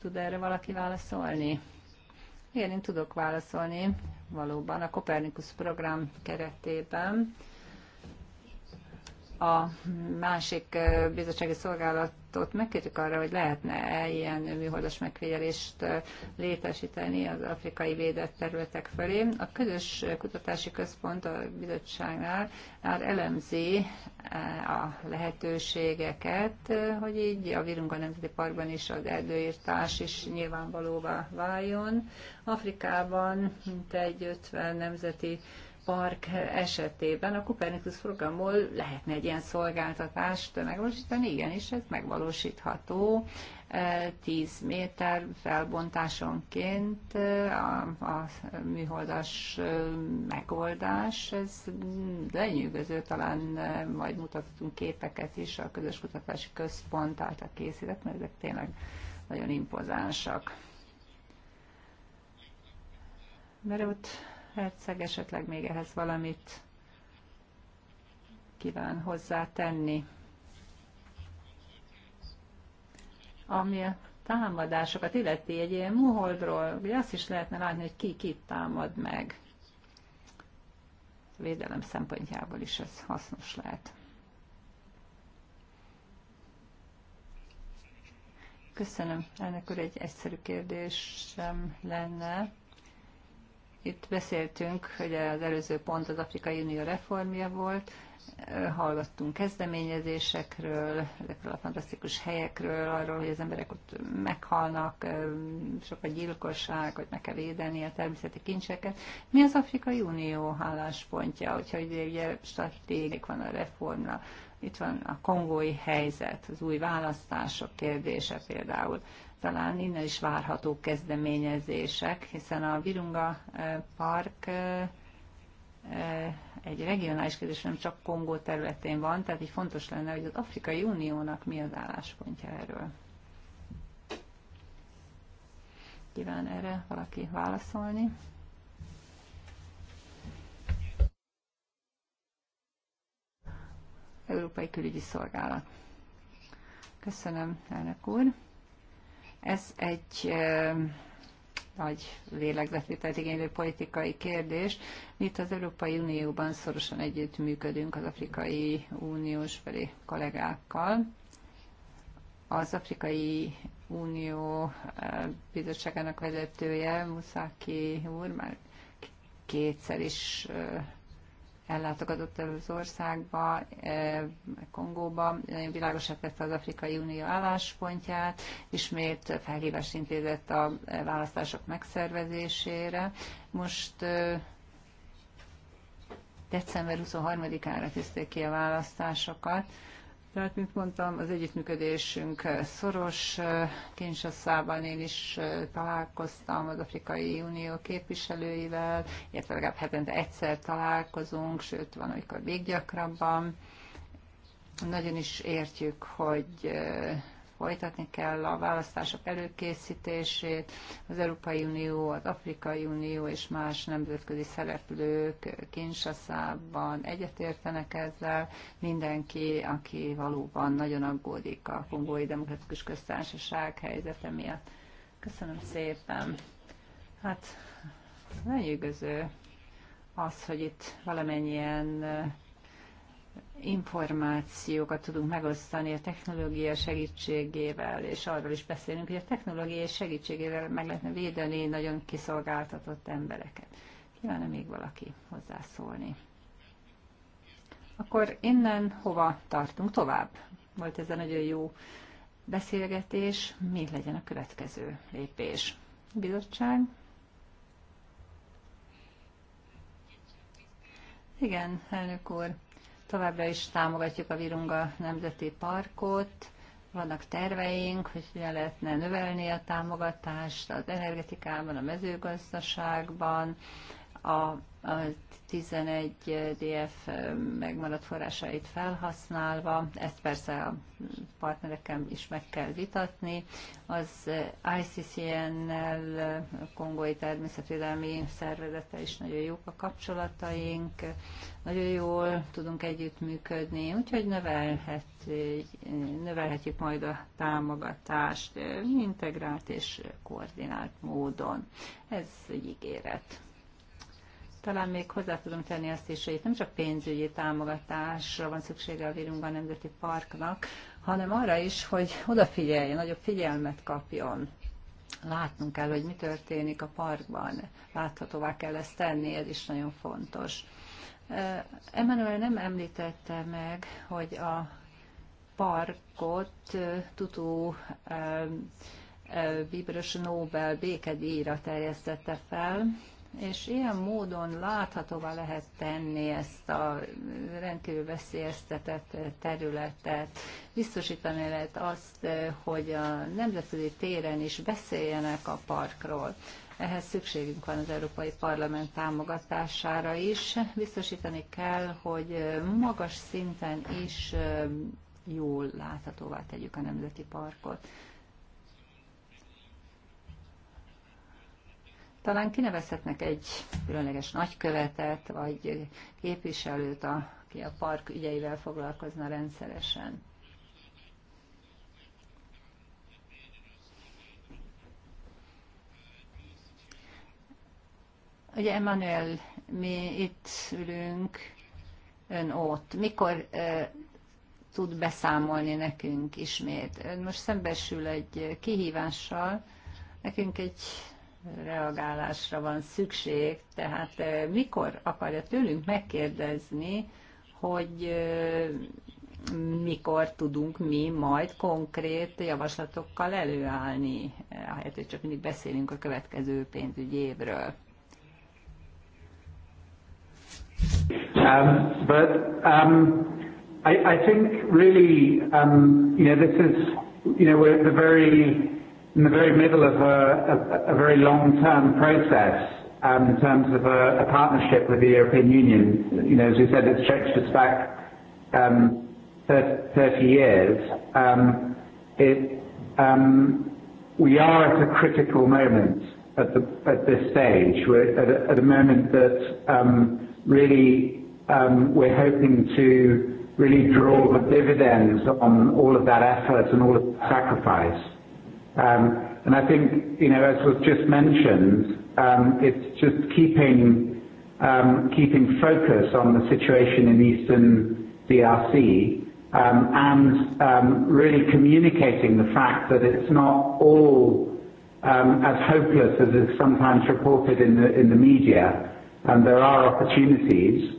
Tud erre valaki válaszolni? Igen, én tudok válaszolni valóban a Kopernikus program keretében a másik bizottsági szolgálatot megkérjük arra, hogy lehetne e ilyen műholdas megfigyelést létesíteni az afrikai védett területek felé. A közös kutatási központ a bizottságnál már elemzi e, a lehetőségeket, hogy így a Virunga Nemzeti Parkban is az erdőírtás is nyilvánvalóvá váljon. Afrikában mintegy 50 nemzeti park esetében a Copernicus programból lehetne egy ilyen szolgáltatást megvalósítani, igenis ez megvalósítható. 10 eh, méter felbontásonként eh, a, a műholdas eh, megoldás, ez lenyűgöző, talán majd mutatunk képeket is, a közös kutatási központ által készített, mert ezek tényleg nagyon impozánsak. Mert ott Herceg esetleg még ehhez valamit kíván hozzátenni. Ami a támadásokat illeti egy ilyen muholdról, ugye azt is lehetne látni, hogy ki kit támad meg. A védelem szempontjából is ez hasznos lehet. Köszönöm. Ennek úr egy egyszerű kérdésem lenne. Itt beszéltünk, hogy az előző pont az Afrikai Unió reformja volt, hallgattunk kezdeményezésekről, ezekről a fantasztikus helyekről, arról, hogy az emberek ott meghalnak, sok a gyilkosság, hogy meg kell védeni a természeti kincseket. Mi az Afrikai Unió álláspontja, hogyha ugye, ugye stratégiák van a reformra, itt van a kongói helyzet, az új választások kérdése például talán innen is várható kezdeményezések, hiszen a Virunga eh, Park eh, eh, egy regionális kérdés, nem csak Kongó területén van, tehát így fontos lenne, hogy az Afrikai Uniónak mi az álláspontja erről. Kíván erre valaki válaszolni? Európai Külügyi Szolgálat. Köszönöm, elnök úr. Ez egy nagy lélegzetvételt igénylő politikai kérdés. Mi itt az Európai Unióban szorosan együttműködünk az Afrikai Uniós felé kollégákkal. Az Afrikai Unió bizottságának vezetője, Muszaki úr, már kétszer is ellátogatott el az országba, e, Kongóba, nagyon világosat tette az Afrikai Unió álláspontját, ismét felhívást intézett a választások megszervezésére. Most e, december 23-ára tűzték ki a választásokat, tehát, mint mondtam, az együttműködésünk szoros. Kinshasa-ban én is találkoztam az Afrikai Unió képviselőivel, illetve legalább hetente egyszer találkozunk, sőt, van, amikor még gyakrabban. Nagyon is értjük, hogy folytatni kell a választások előkészítését, az Európai Unió, az Afrikai Unió és más nemzetközi szereplők Kinsaszában egyetértenek ezzel, mindenki, aki valóban nagyon aggódik a Kongói Demokratikus Köztársaság helyzete miatt. Köszönöm szépen. Hát nagyon az, hogy itt valamennyien információkat tudunk megosztani a technológia segítségével, és arról is beszélünk, hogy a technológia segítségével meg lehetne védeni nagyon kiszolgáltatott embereket. Kívánna még valaki hozzászólni? Akkor innen hova tartunk tovább? Volt ez a nagyon jó beszélgetés, mi legyen a következő lépés? Bizottság? Igen, elnök úr. Továbbra is támogatjuk a Virunga Nemzeti Parkot, vannak terveink, hogy hogyan lehetne növelni a támogatást az energetikában, a mezőgazdaságban, a a 11 DF megmaradt forrásait felhasználva, ezt persze a partnerekkel is meg kell vitatni. Az ICCN-nel, a Kongói Természetvédelmi Szervezete is nagyon jók a kapcsolataink, nagyon jól tudunk együttműködni, úgyhogy növelhet, növelhetjük majd a támogatást integrált és koordinált módon. Ez egy ígéret. Talán még hozzá tudom tenni azt is, hogy itt nem csak pénzügyi támogatásra van szüksége a Virunga Nemzeti Parknak, hanem arra is, hogy odafigyeljen, nagyobb figyelmet kapjon. Látnunk kell, hogy mi történik a parkban. Láthatóvá kell ezt tenni, ez is nagyon fontos. Emmanuel nem említette meg, hogy a parkot Tutu Bíboros Nobel békedíjra terjesztette fel, és ilyen módon láthatóvá lehet tenni ezt a rendkívül veszélyeztetett területet. Biztosítani lehet azt, hogy a nemzetközi téren is beszéljenek a parkról. Ehhez szükségünk van az Európai Parlament támogatására is. Biztosítani kell, hogy magas szinten is jól láthatóvá tegyük a nemzeti parkot. Talán kinevezhetnek egy különleges nagykövetet, vagy képviselőt, aki a park ügyeivel foglalkozna rendszeresen. Ugye Emmanuel, mi itt ülünk, ön ott. Mikor e, tud beszámolni nekünk ismét? Ön most szembesül egy kihívással, nekünk egy reagálásra van szükség, tehát mikor akarja tőlünk megkérdezni, hogy mikor tudunk mi majd konkrét javaslatokkal előállni, ahelyett, hogy csak mindig beszélünk a következő pénzügyi évről. Um, but um, I, I think really, um, you know, this is, you know, we're at the very in the very middle of a, a, a very long-term process um, in terms of a, a partnership with the European Union. You know, as we said, it stretched us back um, 30, 30 years. Um, it, um, we are at a critical moment at, the, at this stage. We're at a, at a moment that um, really um, we're hoping to really draw the dividends on all of that effort and all of the sacrifice. Um, and I think, you know, as was just mentioned, um, it's just keeping, um, keeping focus on the situation in eastern DRC um, and um, really communicating the fact that it's not all um, as hopeless as is sometimes reported in the, in the media. And um, there are opportunities.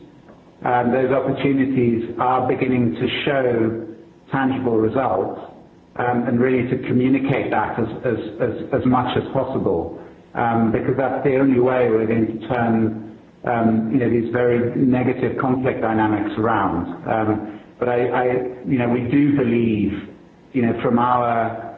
and those opportunities are beginning to show tangible results. Um, and really to communicate that as, as, as, as much as possible um, because that's the only way we're going to turn um, you know, these very negative conflict dynamics around. Um, but I, I, you know, we do believe, you know, from our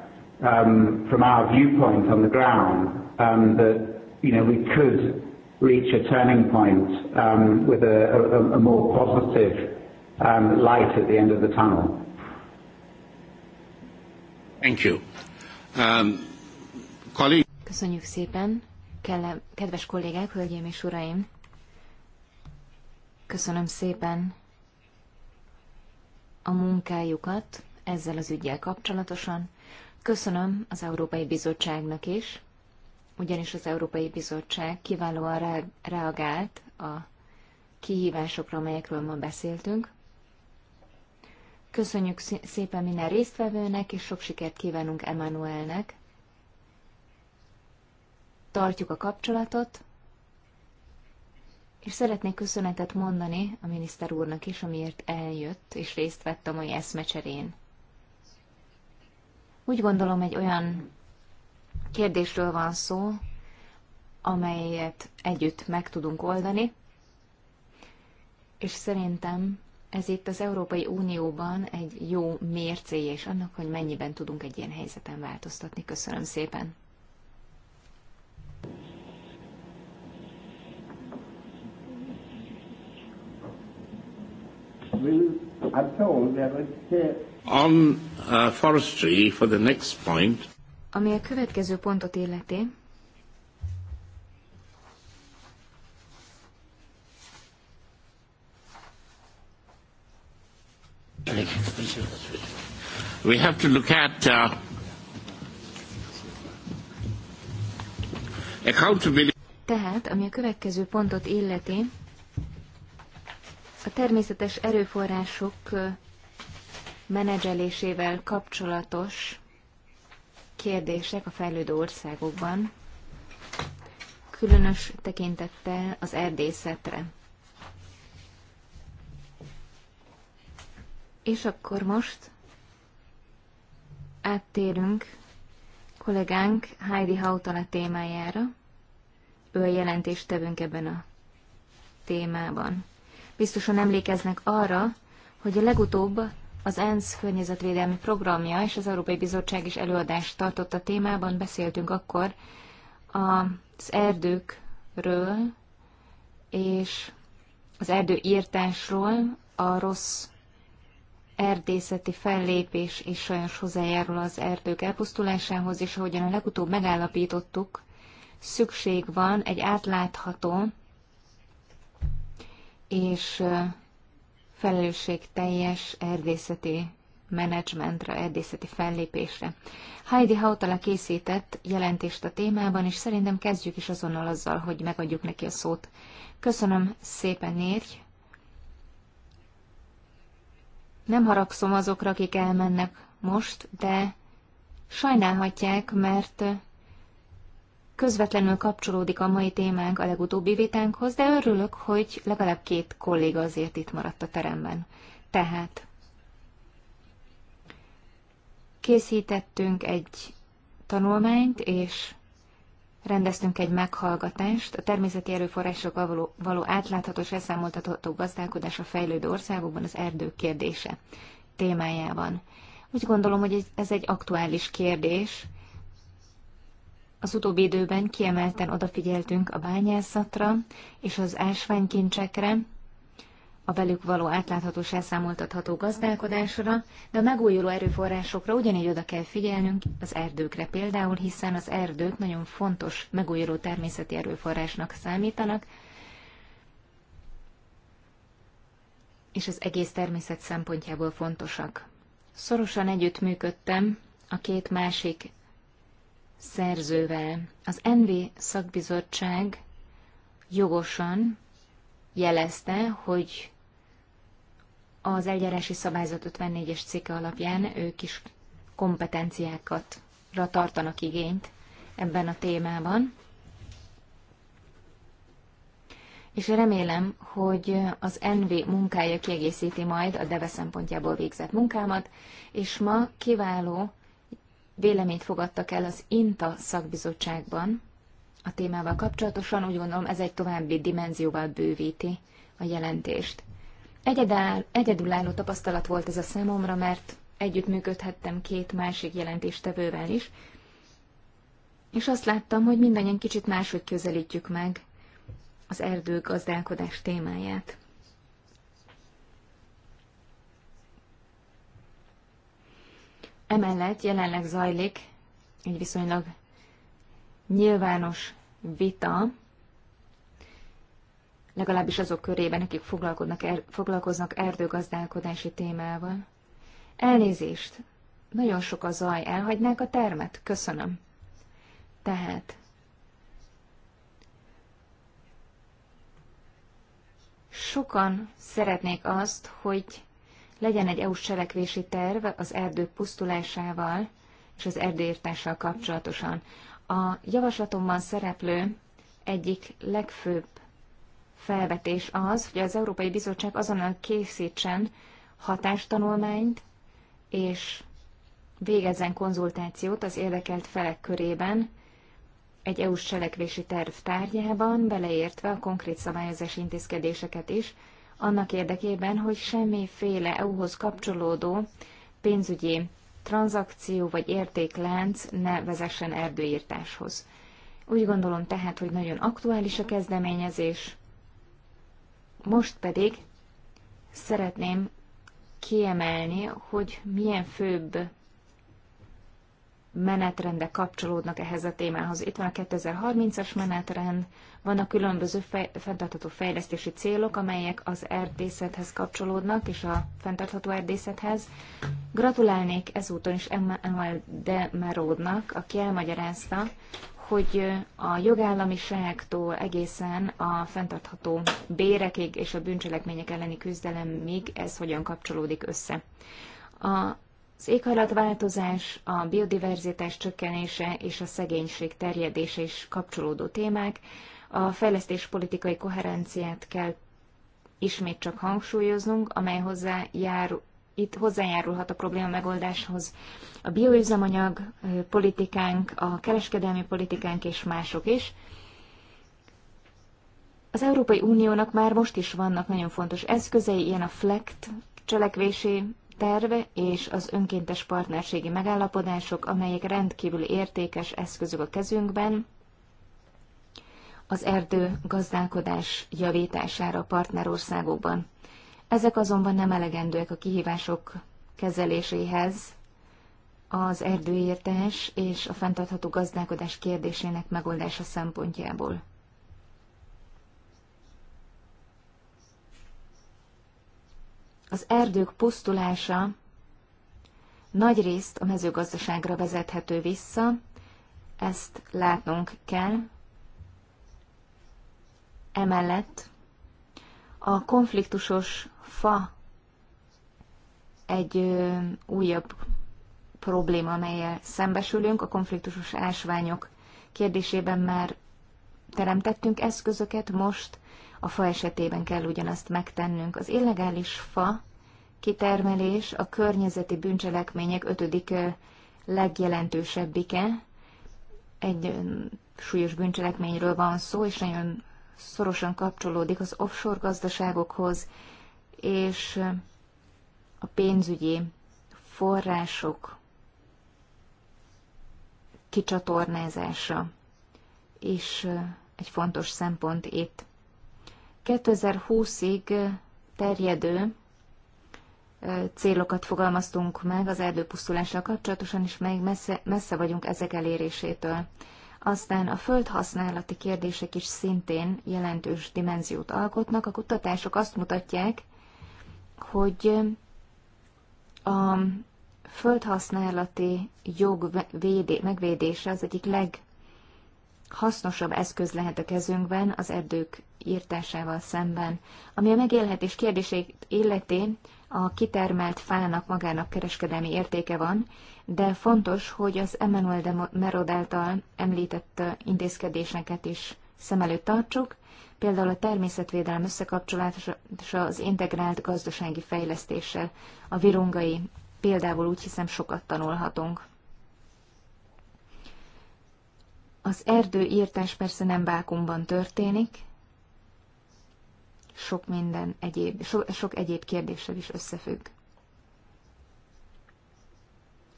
um, from our viewpoint on the ground, um, that you know we could reach a turning point um, with a, a, a more positive um, light at the end of the tunnel. Thank you. Um, Köszönjük szépen, kedves kollégák, hölgyeim és uraim. Köszönöm szépen a munkájukat ezzel az ügyel kapcsolatosan. Köszönöm az Európai Bizottságnak is, ugyanis az Európai Bizottság kiválóan reagált a kihívásokra, amelyekről ma beszéltünk. Köszönjük szépen minden résztvevőnek, és sok sikert kívánunk Emanuelnek. Tartjuk a kapcsolatot, és szeretnék köszönetet mondani a miniszter úrnak is, amiért eljött és részt vett a mai eszmecserén. Úgy gondolom, egy olyan kérdésről van szó, amelyet együtt meg tudunk oldani, és szerintem ez itt az Európai Unióban egy jó mércéje és annak, hogy mennyiben tudunk egy ilyen helyzeten változtatni. Köszönöm szépen! Uh, Ami a következő pontot illeti, we have to look at uh, accountability. Tehát, ami a következő pontot illeti, a természetes erőforrások uh, menedzselésével kapcsolatos kérdések a fejlődő országokban, különös tekintettel az erdészetre. És akkor most áttérünk kollégánk Heidi Hautala témájára. Ő a jelentéstevőnk ebben a témában. Biztosan emlékeznek arra, hogy a legutóbb az ENSZ környezetvédelmi programja és az Európai Bizottság is előadást tartott a témában. Beszéltünk akkor az erdőkről és az erdőírtásról, a rossz erdészeti fellépés is sajnos hozzájárul az erdők elpusztulásához, és ahogyan a legutóbb megállapítottuk, szükség van egy átlátható és felelősségteljes erdészeti menedzsmentre, erdészeti fellépésre. Heidi Hautala készített jelentést a témában, és szerintem kezdjük is azonnal azzal, hogy megadjuk neki a szót. Köszönöm szépen, négy. Nem haragszom azokra, akik elmennek most, de sajnálhatják, mert közvetlenül kapcsolódik a mai témánk a legutóbbi vitánkhoz, de örülök, hogy legalább két kolléga azért itt maradt a teremben. Tehát készítettünk egy tanulmányt, és rendeztünk egy meghallgatást a természeti erőforrásokkal való, való átláthatós elszámoltatható gazdálkodás a fejlődő országokban az erdők kérdése témájában. Úgy gondolom, hogy ez egy aktuális kérdés. Az utóbbi időben kiemelten odafigyeltünk a bányászatra és az ásványkincsekre, a velük való átláthatós elszámoltatható gazdálkodásra, de a megújuló erőforrásokra ugyanígy oda kell figyelnünk, az erdőkre például, hiszen az erdők nagyon fontos megújuló természeti erőforrásnak számítanak, és az egész természet szempontjából fontosak. Szorosan együttműködtem a két másik szerzővel. Az NV szakbizottság jogosan jelezte, hogy az eljárási szabályzat 54-es cikke alapján ők is kompetenciákat tartanak igényt ebben a témában. És remélem, hogy az NV munkája kiegészíti majd a DEVE szempontjából végzett munkámat, és ma kiváló véleményt fogadtak el az INTA szakbizottságban a témával kapcsolatosan. Úgy gondolom, ez egy további dimenzióval bővíti a jelentést egyedül egyedülálló tapasztalat volt ez a számomra, mert együttműködhettem két másik jelentéstevővel is, és azt láttam, hogy mindannyian kicsit máshogy közelítjük meg az erdőgazdálkodás témáját. Emellett jelenleg zajlik egy viszonylag nyilvános vita legalábbis azok körében, akik foglalkoznak, er, foglalkoznak erdőgazdálkodási témával. Elnézést! Nagyon sok a zaj, elhagynák a termet? Köszönöm. Tehát... Sokan szeretnék azt, hogy legyen egy EU-s cselekvési terv az erdők pusztulásával és az erdőírtással kapcsolatosan. A javaslatomban szereplő egyik legfőbb felvetés az, hogy az Európai Bizottság azonnal készítsen hatástanulmányt, és végezzen konzultációt az érdekelt felek körében egy EU-s cselekvési terv tárgyában, beleértve a konkrét szabályozási intézkedéseket is, annak érdekében, hogy semmiféle EU-hoz kapcsolódó pénzügyi tranzakció vagy értéklánc ne vezessen erdőírtáshoz. Úgy gondolom tehát, hogy nagyon aktuális a kezdeményezés, most pedig szeretném kiemelni, hogy milyen főbb menetrendek kapcsolódnak ehhez a témához. Itt van a 2030-as menetrend, van a különböző fej, fenntartható fejlesztési célok, amelyek az erdészethez kapcsolódnak, és a fenntartható erdészethez. Gratulálnék ezúton is Emmanuel de Meródnak, aki elmagyarázta, hogy a jogállamiságtól egészen a fenntartható bérekig és a bűncselekmények elleni küzdelemig ez hogyan kapcsolódik össze. A az éghajlatváltozás, a biodiverzitás csökkenése és a szegénység terjedése is kapcsolódó témák. A fejlesztés politikai koherenciát kell ismét csak hangsúlyoznunk, amely jár itt hozzájárulhat a probléma megoldáshoz a bioüzemanyag politikánk, a kereskedelmi politikánk és mások is. Az Európai Uniónak már most is vannak nagyon fontos eszközei, ilyen a FLECT cselekvési terve és az önkéntes partnerségi megállapodások, amelyek rendkívül értékes eszközök a kezünkben, az erdő gazdálkodás javítására a partnerországokban. Ezek azonban nem elegendőek a kihívások kezeléséhez, az erdőírtás és a fenntartható gazdálkodás kérdésének megoldása szempontjából. Az erdők pusztulása nagy részt a mezőgazdaságra vezethető vissza, ezt látnunk kell. Emellett a konfliktusos fa egy ö, újabb probléma, amelyel szembesülünk. A konfliktusos ásványok kérdésében már teremtettünk eszközöket, most a fa esetében kell ugyanazt megtennünk. Az illegális fa kitermelés a környezeti bűncselekmények ötödik legjelentősebbike. Egy súlyos bűncselekményről van szó, és nagyon szorosan kapcsolódik az offshore gazdaságokhoz, és a pénzügyi források kicsatornázása is egy fontos szempont itt. 2020-ig terjedő célokat fogalmaztunk meg az erdőpusztulással kapcsolatosan, és még messze, messze vagyunk ezek elérésétől. Aztán a földhasználati kérdések is szintén jelentős dimenziót alkotnak. A kutatások azt mutatják, hogy a földhasználati jog védé, megvédése az egyik leghasznosabb eszköz lehet a kezünkben az erdők írtásával szemben. Ami a megélhetés kérdését illeti, a kitermelt fának magának kereskedelmi értéke van, de fontos, hogy az Emmanuel de Merod által említett intézkedéseket is szem előtt tartsuk, például a természetvédelem összekapcsolása az integrált gazdasági fejlesztéssel. A virungai például úgy hiszem sokat tanulhatunk. Az írtás persze nem vákumban történik, sok minden egyéb, so, sok egyéb kérdéssel is összefügg.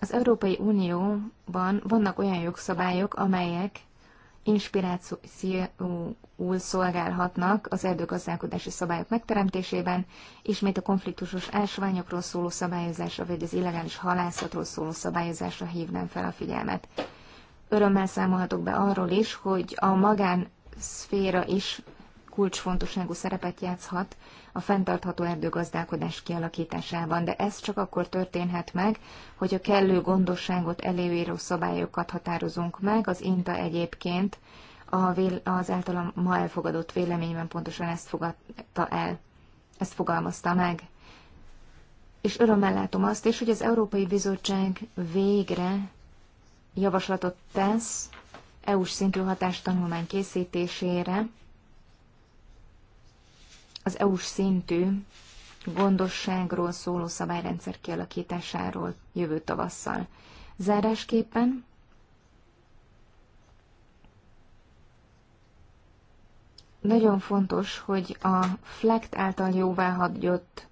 Az Európai Unióban vannak olyan jogszabályok, amelyek inspirációul szolgálhatnak az erdőgazdálkodási szabályok megteremtésében, ismét a konfliktusos ásványokról szóló szabályozásra, vagy az illegális halászatról szóló szabályozásra hívnám fel a figyelmet. Örömmel számolhatok be arról is, hogy a magánszféra is kulcsfontosságú szerepet játszhat a fenntartható erdőgazdálkodás kialakításában, de ez csak akkor történhet meg, hogy a kellő gondosságot előíró szabályokat határozunk meg. Az INTA egyébként a vél- az általam ma elfogadott véleményben pontosan ezt fogadta el, ezt fogalmazta meg. És örömmel látom azt is, hogy az Európai Bizottság végre javaslatot tesz EU-s szintű hatástanulmány készítésére, az EU-s szintű gondosságról szóló szabályrendszer kialakításáról jövő tavasszal. Zárásképpen nagyon fontos, hogy a FLECT által jóváhagyott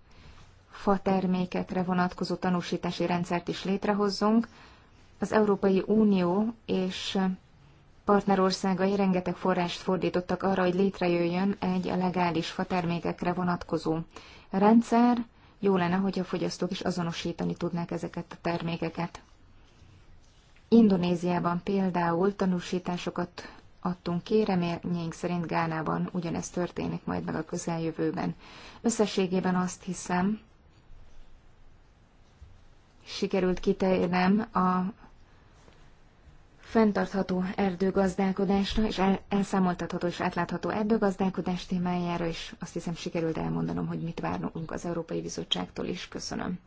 fa termékekre vonatkozó tanúsítási rendszert is létrehozzunk. Az Európai Unió és partnerországai rengeteg forrást fordítottak arra, hogy létrejöjjön egy legális fatermékekre vonatkozó rendszer. Jó lenne, hogy a fogyasztók is azonosítani tudnák ezeket a termékeket. Indonéziában például tanúsításokat adtunk ki, reményénk szerint Gánában ugyanezt történik majd meg a közeljövőben. Összességében azt hiszem, sikerült kitérnem a fenntartható erdőgazdálkodásra és elszámoltatható és átlátható erdőgazdálkodás témájára, és azt hiszem sikerült elmondanom, hogy mit várunk az Európai Bizottságtól is. Köszönöm.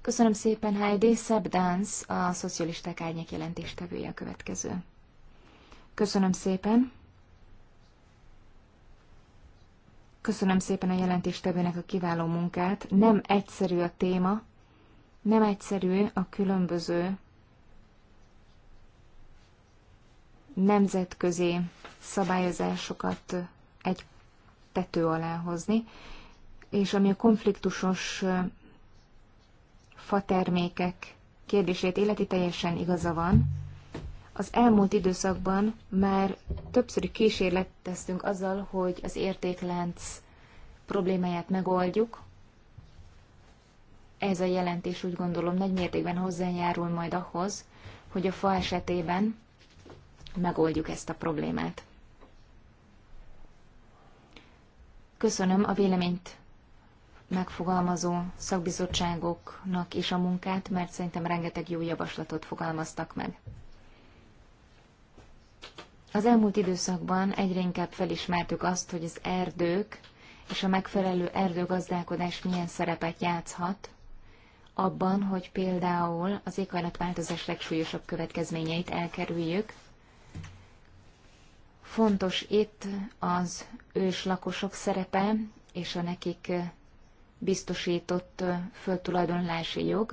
Köszönöm szépen, Heidi. Szebb Dánc, a szocialisták árnyék jelentéstevője a következő. Köszönöm szépen. Köszönöm szépen a jelentéstevőnek a kiváló munkát. Nem egyszerű a téma, nem egyszerű a különböző nemzetközi szabályozásokat egy tető alá hozni, és ami a konfliktusos fatermékek kérdését életi teljesen igaza van. Az elmúlt időszakban már többször kísérleteztünk azzal, hogy az értéklánc problémáját megoldjuk. Ez a jelentés úgy gondolom nagy mértékben hozzájárul majd ahhoz, hogy a fa esetében megoldjuk ezt a problémát. Köszönöm a véleményt megfogalmazó szakbizottságoknak és a munkát, mert szerintem rengeteg jó javaslatot fogalmaztak meg. Az elmúlt időszakban egyre inkább felismertük azt, hogy az erdők és a megfelelő erdőgazdálkodás milyen szerepet játszhat abban, hogy például az éghajlatváltozás legsúlyosabb következményeit elkerüljük, Fontos itt az lakosok szerepe és a nekik biztosított földtulajdonlási jog.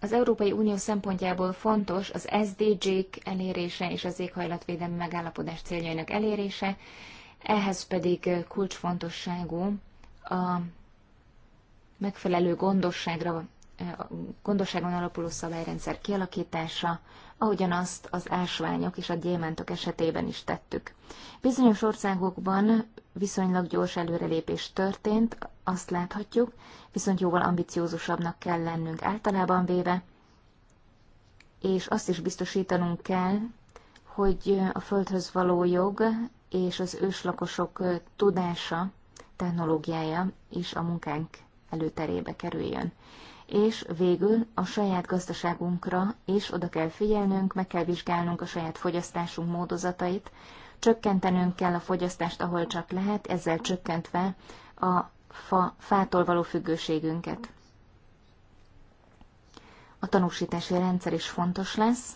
Az Európai Unió szempontjából fontos az SDG-k elérése és az éghajlatvédelmi megállapodás céljainak elérése, ehhez pedig kulcsfontosságú a megfelelő gondosságra, gondosságon alapuló szabályrendszer kialakítása, ahogyan azt az ásványok és a gyémántok esetében is tettük. Bizonyos országokban viszonylag gyors előrelépés történt, azt láthatjuk, viszont jóval ambiciózusabbnak kell lennünk általában véve, és azt is biztosítanunk kell, hogy a földhöz való jog és az őslakosok tudása, technológiája is a munkánk előterébe kerüljön és végül a saját gazdaságunkra is oda kell figyelnünk, meg kell vizsgálnunk a saját fogyasztásunk módozatait, csökkentenünk kell a fogyasztást, ahol csak lehet, ezzel csökkentve a fa, fától való függőségünket. A tanúsítási rendszer is fontos lesz.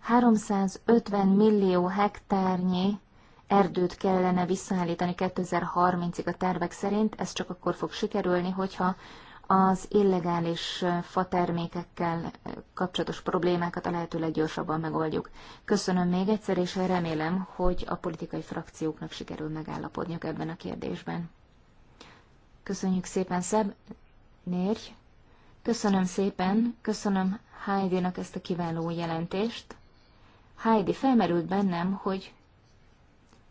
350 millió hektárnyi erdőt kellene visszaállítani 2030-ig a tervek szerint, ez csak akkor fog sikerülni, hogyha az illegális fatermékekkel kapcsolatos problémákat a lehető leggyorsabban megoldjuk. Köszönöm még egyszer, és remélem, hogy a politikai frakcióknak sikerül megállapodniuk ebben a kérdésben. Köszönjük szépen, Szeb Nérj. Köszönöm szépen, köszönöm Heidi-nak ezt a kiváló jelentést. Heidi, felmerült bennem, hogy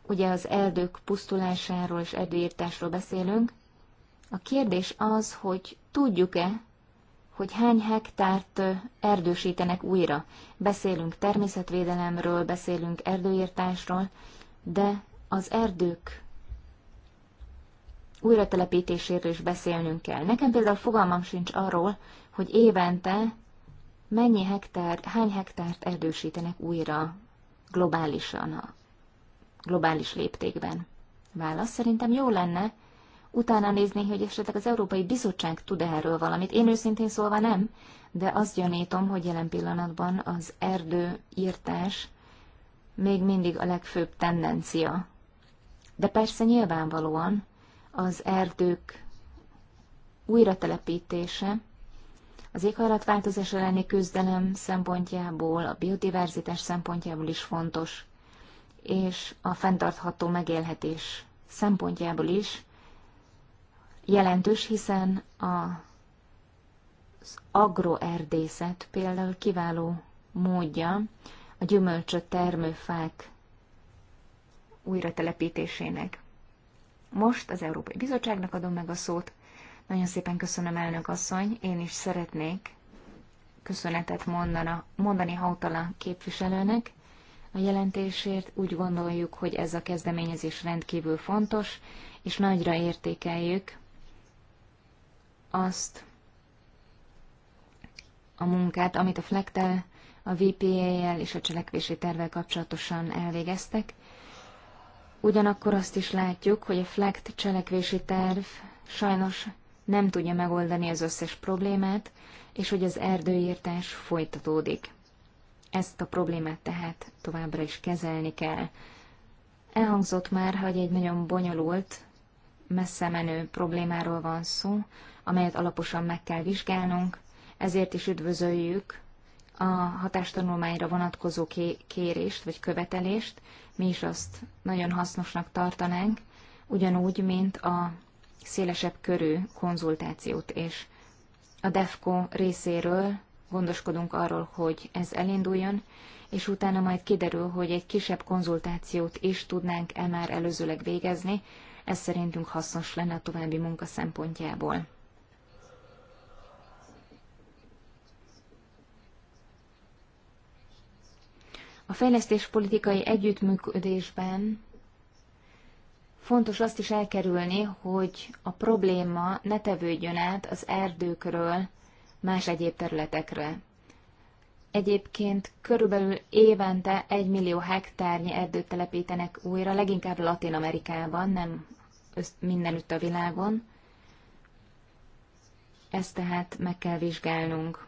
ugye az erdők pusztulásáról és erdőírtásról beszélünk. A kérdés az, hogy tudjuk-e, hogy hány hektárt erdősítenek újra. Beszélünk természetvédelemről, beszélünk erdőírtásról, de az erdők újratelepítéséről is beszélnünk kell. Nekem például fogalmam sincs arról, hogy évente mennyi hektár, hány hektárt erdősítenek újra globálisan globális léptékben? Válasz szerintem jó lenne utána nézni, hogy esetleg az Európai Bizottság tud erről valamit. Én őszintén szólva nem, de azt gyanítom, hogy jelen pillanatban az erdőírtás még mindig a legfőbb tendencia. De persze nyilvánvalóan az erdők újratelepítése, az éghajlatváltozás elleni küzdelem szempontjából, a biodiverzitás szempontjából is fontos és a fenntartható megélhetés szempontjából is jelentős, hiszen a, az agroerdészet például kiváló módja a gyümölcsöt termőfák újratelepítésének. Most az Európai Bizottságnak adom meg a szót. Nagyon szépen köszönöm, elnök asszony. Én is szeretnék köszönetet mondana, mondani Hautala képviselőnek a jelentésért. Úgy gondoljuk, hogy ez a kezdeményezés rendkívül fontos, és nagyra értékeljük azt a munkát, amit a flektel, a VPA-jel és a cselekvési tervvel kapcsolatosan elvégeztek. Ugyanakkor azt is látjuk, hogy a FLECT cselekvési terv sajnos nem tudja megoldani az összes problémát, és hogy az erdőírtás folytatódik. Ezt a problémát tehát továbbra is kezelni kell. Elhangzott már, hogy egy nagyon bonyolult, messze menő problémáról van szó, amelyet alaposan meg kell vizsgálnunk, ezért is üdvözöljük a hatástanulmányra vonatkozó kérést vagy követelést, mi is azt nagyon hasznosnak tartanánk, ugyanúgy, mint a szélesebb körű konzultációt és a DEFCO részéről gondoskodunk arról, hogy ez elinduljon, és utána majd kiderül, hogy egy kisebb konzultációt is tudnánk e már előzőleg végezni, ez szerintünk hasznos lenne a további munka szempontjából. A fejlesztéspolitikai együttműködésben fontos azt is elkerülni, hogy a probléma ne tevődjön át az erdőkről más egyéb területekre. Egyébként körülbelül évente egy millió hektárnyi erdőt telepítenek újra, leginkább Latin Amerikában, nem mindenütt a világon. Ezt tehát meg kell vizsgálnunk.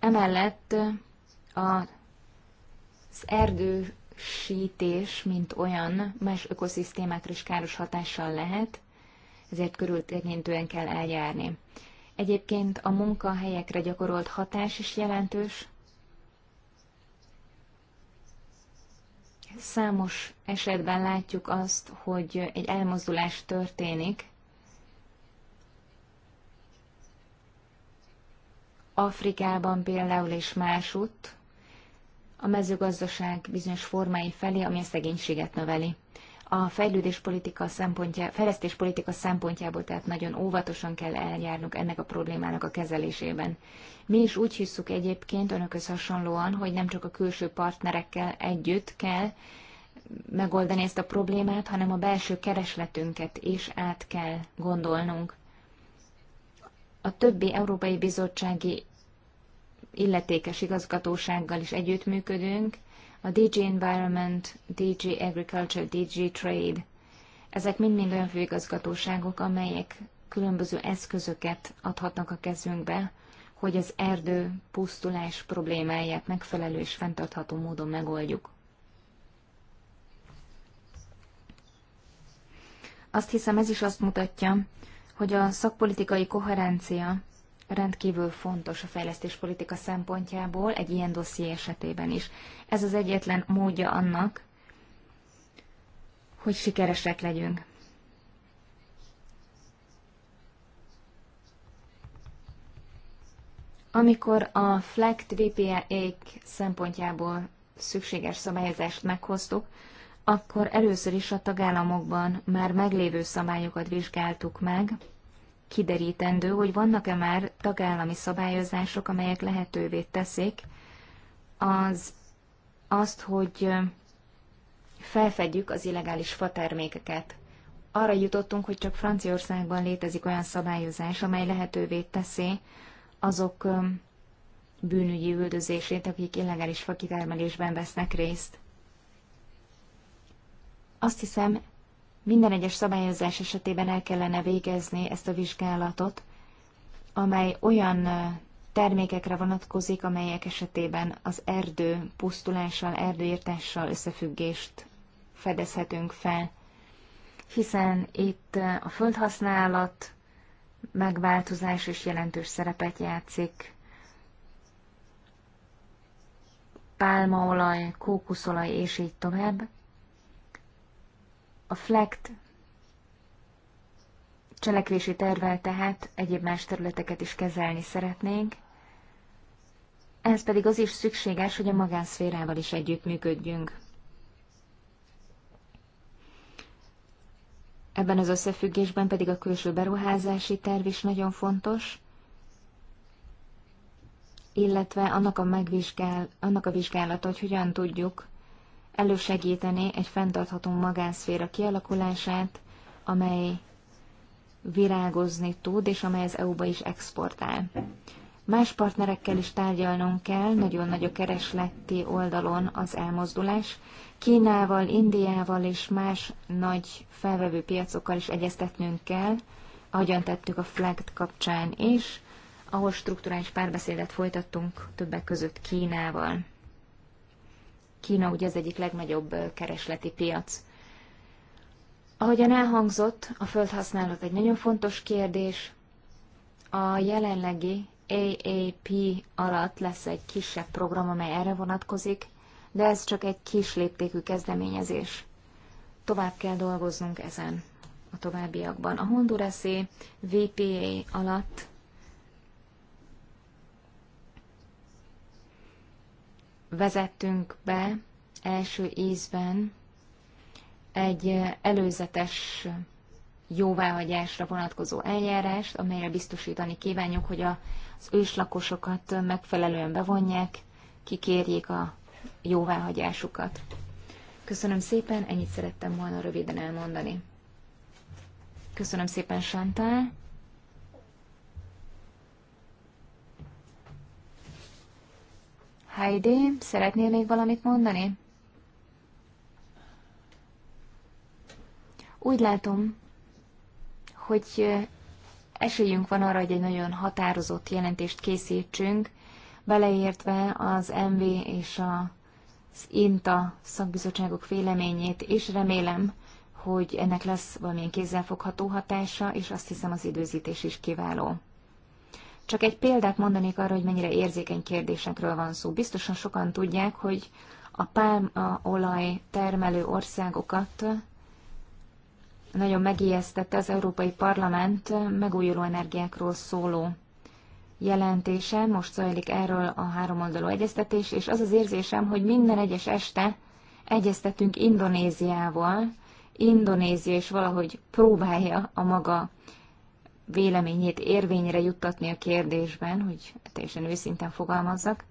Emellett az erdősítés, mint olyan, más ökoszisztémákra is káros hatással lehet, ezért körültekintően kell eljárni. Egyébként a munkahelyekre gyakorolt hatás is jelentős. Számos esetben látjuk azt, hogy egy elmozdulás történik. Afrikában például és másutt a mezőgazdaság bizonyos formái felé, ami a szegénységet növeli a fejlődéspolitika szempontja, fejlesztéspolitika szempontjából tehát nagyon óvatosan kell eljárnunk ennek a problémának a kezelésében. Mi is úgy hisszük egyébként önökhöz hasonlóan, hogy nem csak a külső partnerekkel együtt kell megoldani ezt a problémát, hanem a belső keresletünket is át kell gondolnunk. A többi Európai Bizottsági illetékes igazgatósággal is együttműködünk, a DG Environment, DG Agriculture, DG Trade. Ezek mind-mind olyan főigazgatóságok, amelyek különböző eszközöket adhatnak a kezünkbe, hogy az erdő pusztulás problémáját megfelelő és fenntartható módon megoldjuk. Azt hiszem ez is azt mutatja, hogy a szakpolitikai koherencia rendkívül fontos a fejlesztéspolitika szempontjából egy ilyen dosszié esetében is. Ez az egyetlen módja annak, hogy sikeresek legyünk. Amikor a FLECT vpa szempontjából szükséges szabályozást meghoztuk, akkor először is a tagállamokban már meglévő szabályokat vizsgáltuk meg, kiderítendő, hogy vannak-e már tagállami szabályozások, amelyek lehetővé teszik az, azt, hogy felfedjük az illegális fatermékeket. Arra jutottunk, hogy csak Franciaországban létezik olyan szabályozás, amely lehetővé teszi azok bűnügyi üldözését, akik illegális fakitermelésben vesznek részt. Azt hiszem, minden egyes szabályozás esetében el kellene végezni ezt a vizsgálatot, amely olyan termékekre vonatkozik, amelyek esetében az erdő pusztulással, erdőírtással összefüggést fedezhetünk fel. Hiszen itt a földhasználat megváltozás is jelentős szerepet játszik. Pálmaolaj, kókuszolaj és így tovább. A flekt cselekvési tervel tehát egyéb más területeket is kezelni szeretnénk, Ez pedig az is szükséges, hogy a magánszférával is együttműködjünk. Ebben az összefüggésben pedig a külső beruházási terv is nagyon fontos, illetve annak a, megvizsgál, annak a vizsgálata, hogy hogyan tudjuk elősegítené egy fenntartható magánszféra kialakulását, amely virágozni tud, és amely az EU-ba is exportál. Más partnerekkel is tárgyalnunk kell, nagyon nagy a keresleti oldalon az elmozdulás. Kínával, Indiával és más nagy felvevő piacokkal is egyeztetnünk kell, ahogyan tettük a FLAGT kapcsán is, ahol strukturális párbeszédet folytattunk többek között Kínával. Kína ugye az egyik legnagyobb keresleti piac. Ahogyan elhangzott, a földhasználat egy nagyon fontos kérdés. A jelenlegi AAP alatt lesz egy kisebb program, amely erre vonatkozik, de ez csak egy kis léptékű kezdeményezés. Tovább kell dolgoznunk ezen a továbbiakban. A honduraszi VPA alatt vezettünk be első ízben egy előzetes jóváhagyásra vonatkozó eljárást, amelyre biztosítani kívánjuk, hogy az őslakosokat megfelelően bevonják, kikérjék a jóváhagyásukat. Köszönöm szépen, ennyit szerettem volna röviden elmondani. Köszönöm szépen, Sántál. Heidi, szeretnél még valamit mondani? Úgy látom, hogy esélyünk van arra, hogy egy nagyon határozott jelentést készítsünk, beleértve az MV és az INTA szakbizottságok véleményét, és remélem, hogy ennek lesz valamilyen kézzelfogható hatása, és azt hiszem az időzítés is kiváló. Csak egy példát mondanék arra, hogy mennyire érzékeny kérdésekről van szó. Biztosan sokan tudják, hogy a pálmaolaj termelő országokat nagyon megijesztette az Európai Parlament megújuló energiákról szóló jelentése. Most zajlik erről a háromoldalú egyeztetés, és az az érzésem, hogy minden egyes este egyeztetünk Indonéziával, Indonézia is valahogy próbálja a maga véleményét érvényre juttatni a kérdésben, hogy teljesen őszinten fogalmazzak.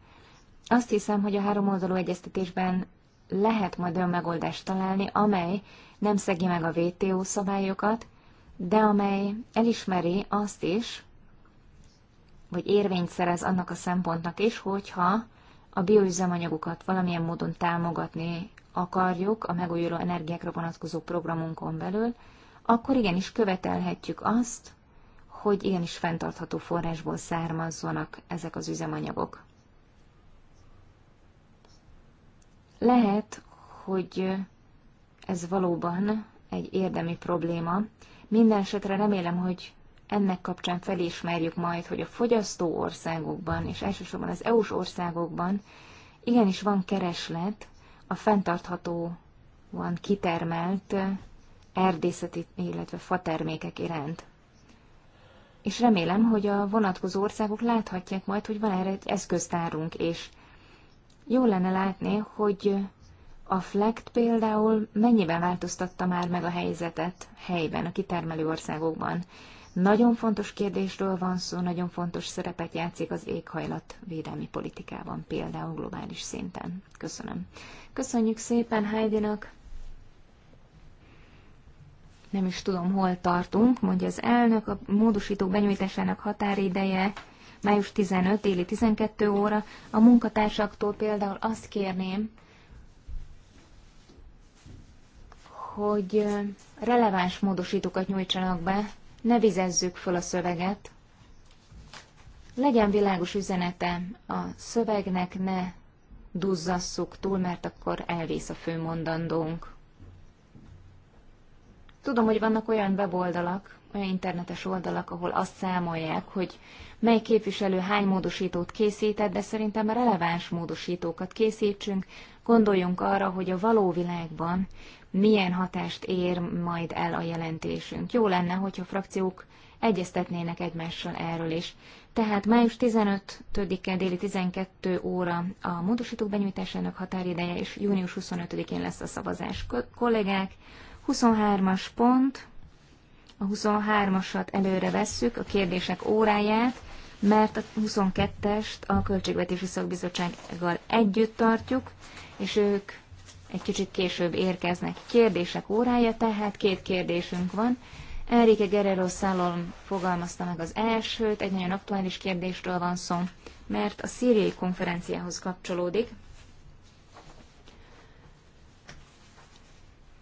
Azt hiszem, hogy a három oldalú egyeztetésben lehet majd olyan megoldást találni, amely nem szegi meg a WTO szabályokat, de amely elismeri azt is, vagy érvényt szerez annak a szempontnak is, hogyha a bioüzemanyagokat valamilyen módon támogatni akarjuk a megújuló energiákra vonatkozó programunkon belül, akkor igenis követelhetjük azt, hogy igenis fenntartható forrásból származzanak ezek az üzemanyagok. Lehet, hogy ez valóban egy érdemi probléma. Minden esetre remélem, hogy ennek kapcsán felismerjük majd, hogy a fogyasztó országokban, és elsősorban az EU-s országokban igenis van kereslet a van kitermelt erdészeti, illetve fatermékek iránt és remélem, hogy a vonatkozó országok láthatják majd, hogy van erre egy eszköztárunk és Jó lenne látni, hogy a FLECT például mennyiben változtatta már meg a helyzetet helyben, a kitermelő országokban. Nagyon fontos kérdésről van szó, nagyon fontos szerepet játszik az éghajlat védelmi politikában, például globális szinten. Köszönöm. Köszönjük szépen Heidi-nak! Nem is tudom, hol tartunk, mondja az elnök. A módosító benyújtásának határideje május 15, éli 12 óra. A munkatársaktól például azt kérném, hogy releváns módosítókat nyújtsanak be, ne vizezzük föl a szöveget, legyen világos üzenete a szövegnek, ne duzzasszuk túl, mert akkor elvész a fő mondandónk. Tudom, hogy vannak olyan weboldalak, olyan internetes oldalak, ahol azt számolják, hogy mely képviselő hány módosítót készített, de szerintem a releváns módosítókat készítsünk, gondoljunk arra, hogy a való világban milyen hatást ér majd el a jelentésünk. Jó lenne, hogyha frakciók egyeztetnének egymással erről is. Tehát május 15-e déli 12 óra a módosítók benyújtásának határideje, és június 25-én lesz a szavazás. Kollégák, 23-as pont, a 23-asat előre vesszük, a kérdések óráját, mert a 22-est a Költségvetési Szakbizottsággal együtt tartjuk, és ők egy kicsit később érkeznek. Kérdések órája, tehát két kérdésünk van. Enrique Guerrero Szálon fogalmazta meg az elsőt, egy nagyon aktuális kérdésről van szó, mert a szíriai konferenciához kapcsolódik.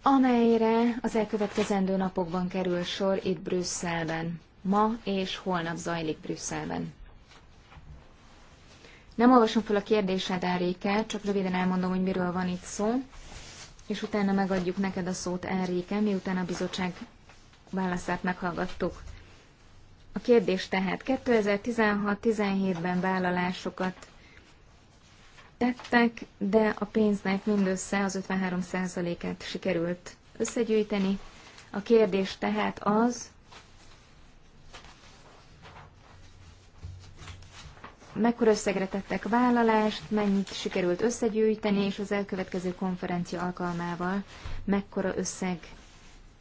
amelyre az elkövetkezendő napokban kerül sor itt Brüsszelben. Ma és holnap zajlik Brüsszelben. Nem olvasom fel a kérdésed, Enrique, csak röviden elmondom, hogy miről van itt szó, és utána megadjuk neked a szót, Enrique, miután a bizottság válaszát meghallgattuk. A kérdés tehát 2016-17-ben vállalásokat tettek, de a pénznek mindössze az 53%-át sikerült összegyűjteni. A kérdés tehát az, mekkora összegre tettek vállalást, mennyit sikerült összegyűjteni, és az elkövetkező konferencia alkalmával mekkora összeg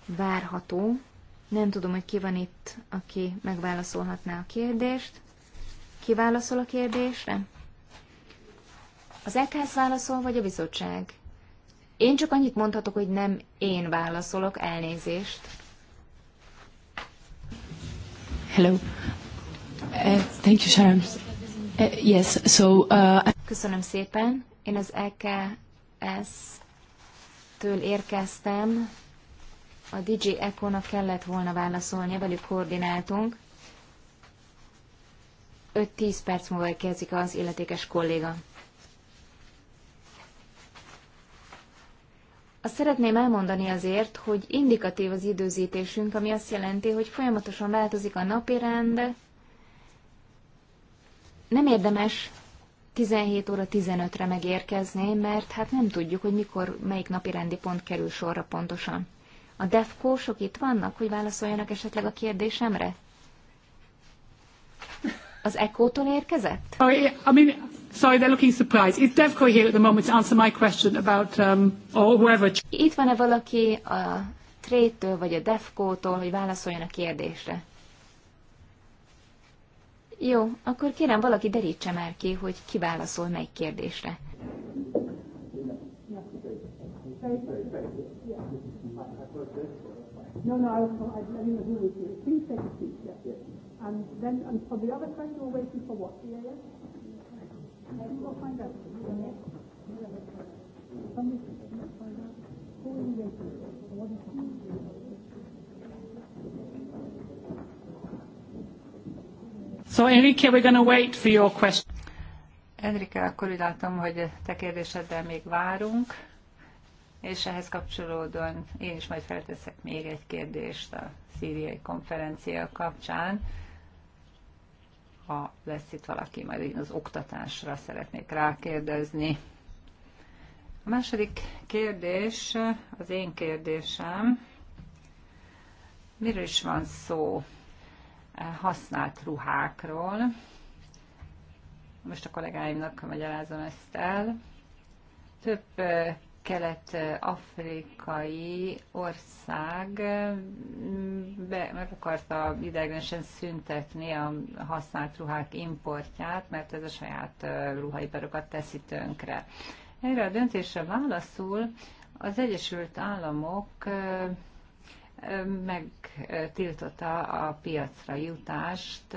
várható. Nem tudom, hogy ki van itt, aki megválaszolhatná a kérdést. Ki válaszol a kérdésre? Az EKSZ válaszol, vagy a bizottság? Én csak annyit mondhatok, hogy nem én válaszolok, elnézést. Hello. Uh, thank you, Sharon. Uh, yes, so... Uh... Köszönöm szépen. Én az EKS-től érkeztem. A DJ Echo-nak kellett volna válaszolni, velük koordináltunk. 5-10 perc múlva kezdik az illetékes kolléga. Azt szeretném elmondani azért, hogy indikatív az időzítésünk, ami azt jelenti, hogy folyamatosan változik a napi rend. Nem érdemes 17 óra 15-re megérkezni, mert hát nem tudjuk, hogy mikor melyik napi rendi pont kerül sorra pontosan. A defkósok itt vannak, hogy válaszoljanak esetleg a kérdésemre? Az echo tól érkezett? Sorry, I mean, sorry, they're looking surprised. Is Devco here at the moment to answer my question about, um, or whoever? Itt van-e valaki a Trétől vagy a devco tól hogy válaszoljon a kérdésre? Jó, akkor kérem valaki derítse már ki, hogy ki válaszol melyik kérdésre. No, no, I, I, I didn't agree with you. Please take a seat. And then, and for the other question, we're waiting for what? Yeah, yeah. So Enrique, we're going to wait for your question. Enrique, akkor úgy látom, hogy te kérdéseddel még várunk, és ehhez kapcsolódóan én is majd felteszek még egy kérdést a szíriai konferencia kapcsán ha lesz itt valaki, majd én az oktatásra szeretnék rákérdezni. A második kérdés, az én kérdésem, miről is van szó használt ruhákról? Most a kollégáimnak magyarázom ezt el. Több kelet-afrikai ország mm, be, meg akarta ideiglenesen szüntetni a használt ruhák importját, mert ez a saját ruhaiparokat teszi tönkre. Erre a döntésre válaszul az Egyesült Államok megtiltotta a piacra jutást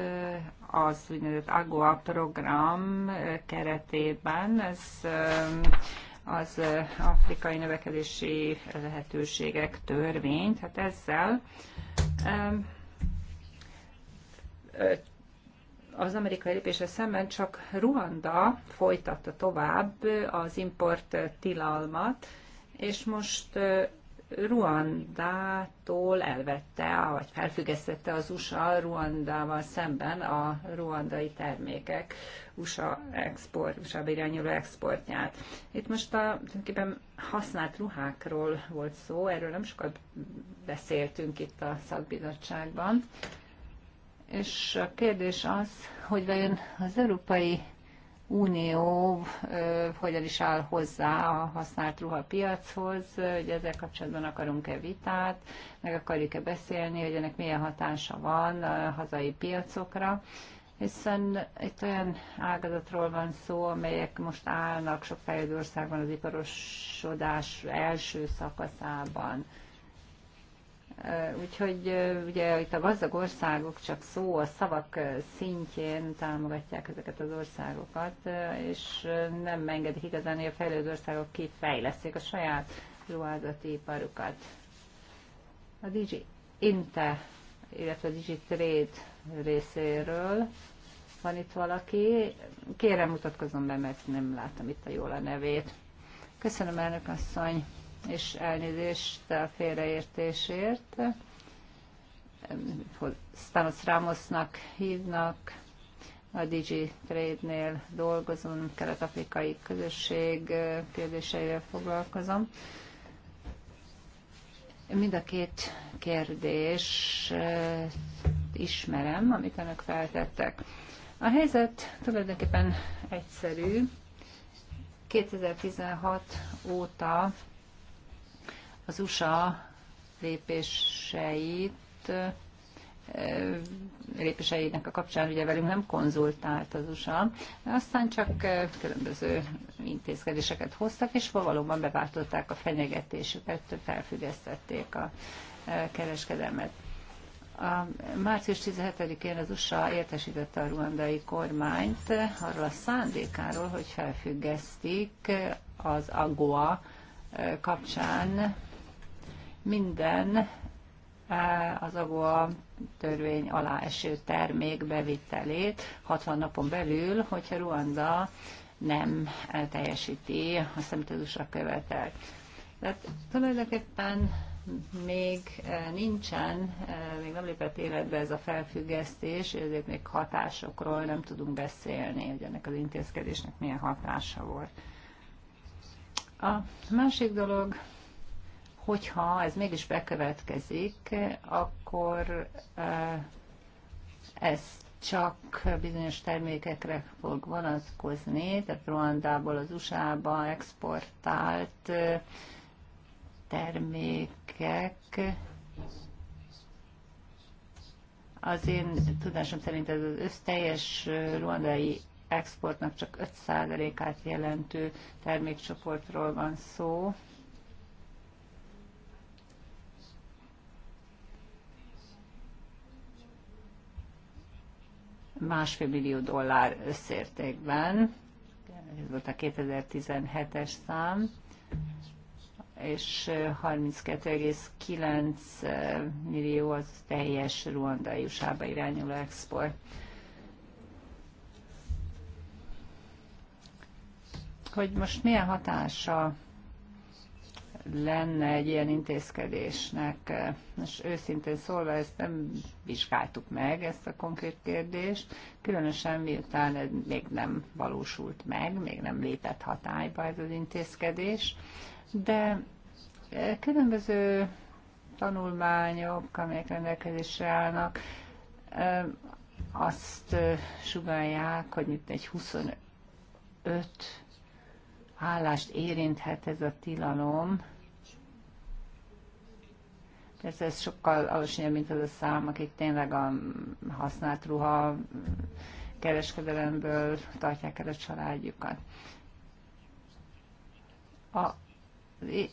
az úgynevezett AGOA program keretében. Ez az afrikai növekedési lehetőségek törvényt. Hát ezzel az amerikai lépése szemben csak Ruanda folytatta tovább az import tilalmat, és most Ruandától elvette, vagy felfüggesztette az USA Ruandával szemben a ruandai termékek USA export, USA irányuló exportját. Itt most a használt ruhákról volt szó, erről nem sokat beszéltünk itt a szakbizottságban. És a kérdés az, hogy vajon az Európai Unió ö, hogyan is áll hozzá a használt ruha piachoz. hogy ezzel kapcsolatban akarunk-e vitát, meg akarjuk-e beszélni, hogy ennek milyen hatása van a hazai piacokra. Ö, hiszen itt olyan ágazatról van szó, amelyek most állnak sok fejlődő országban az iparosodás első szakaszában. Úgyhogy ugye itt a gazdag országok csak szó a szavak szintjén támogatják ezeket az országokat, és nem engedik igazán, hogy a fejlődő országok kifejleszték a saját ruházati iparukat. A Digi Inte, illetve a Digi Trade részéről. Van itt valaki? Kérem, mutatkozom be, mert nem látom itt a jól a nevét. Köszönöm, elnök asszony, és elnézést a félreértésért. Stanos Ramosnak hívnak, a DG Trade-nél dolgozom, kelet-afrikai közösség kérdéseivel foglalkozom. Mind a két kérdés ismerem, amit önök feltettek. A helyzet tulajdonképpen egyszerű. 2016 óta az USA lépéseit lépéseinek a kapcsán ugye velünk nem konzultált az USA, aztán csak különböző intézkedéseket hoztak, és valóban beváltották a fenyegetésüket, felfüggesztették a kereskedelmet. A március 17-én az USA értesítette a ruandai kormányt arról a szándékáról, hogy felfüggesztik az AGOA kapcsán minden az AGOA törvény alá eső termék bevitelét 60 napon belül, hogyha Ruanda nem teljesíti azt, amit az USA követel. Tehát tulajdonképpen még eh, nincsen, eh, még nem lépett életbe ez a felfüggesztés, ezért még hatásokról nem tudunk beszélni, hogy ennek az intézkedésnek milyen hatása volt. A másik dolog, hogyha ez mégis bekövetkezik, akkor eh, ez csak bizonyos termékekre fog vonatkozni, tehát Ruandából az USA-ba exportált termékek az én tudásom szerint ez az összteljes ruandai exportnak csak 5%-át jelentő termékcsoportról van szó. másfél millió dollár összértékben. Ez volt a 2017-es szám és 32,9 millió az teljes ruandai usa irányuló export. Hogy most milyen hatása lenne egy ilyen intézkedésnek, Most őszintén szólva ezt nem vizsgáltuk meg, ezt a konkrét kérdést, különösen miután még nem valósult meg, még nem lépett hatályba ez az intézkedés de e, különböző tanulmányok, amelyek rendelkezésre állnak, e, azt e, sugálják, hogy mint egy 25 állást érinthet ez a tilalom. Persze ez sokkal alacsonyabb, mint az a szám, akik tényleg a használt ruha kereskedelemből tartják el a családjukat. A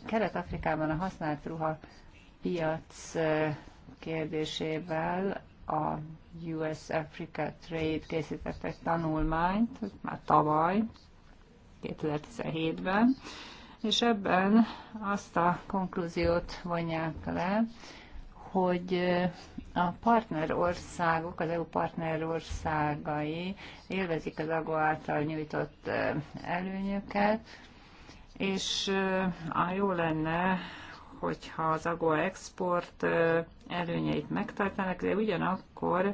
Kelet-Afrikában a használt ruha piac kérdésével a US Africa Trade készített egy tanulmányt, már tavaly, 2017-ben, és ebben azt a konklúziót vonják le, hogy a partnerországok, az EU partnerországai élvezik az AGO által nyújtott előnyöket, és jó lenne, hogyha az AGOA export előnyeit megtartanak, de ugyanakkor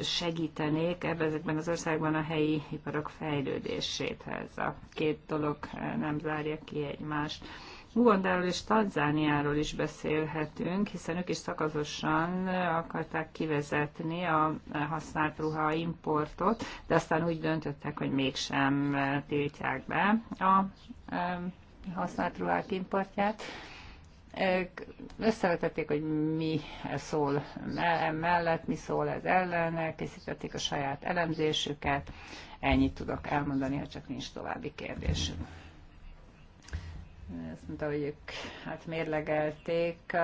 segítenék ebben ezekben az országban a helyi iparok fejlődését. Ez a két dolog nem zárja ki egymást. Ugandáról és Tanzániáról is beszélhetünk, hiszen ők is szakazosan akarták kivezetni a használt ruha importot, de aztán úgy döntöttek, hogy mégsem tiltják be a használt ruhák importját. Összevetették, hogy mi szól mellett, mi szól ez ellen, elkészítették a saját elemzésüket. Ennyit tudok elmondani, ha csak nincs további kérdésünk azt mondta, hogy ők hát mérlegelték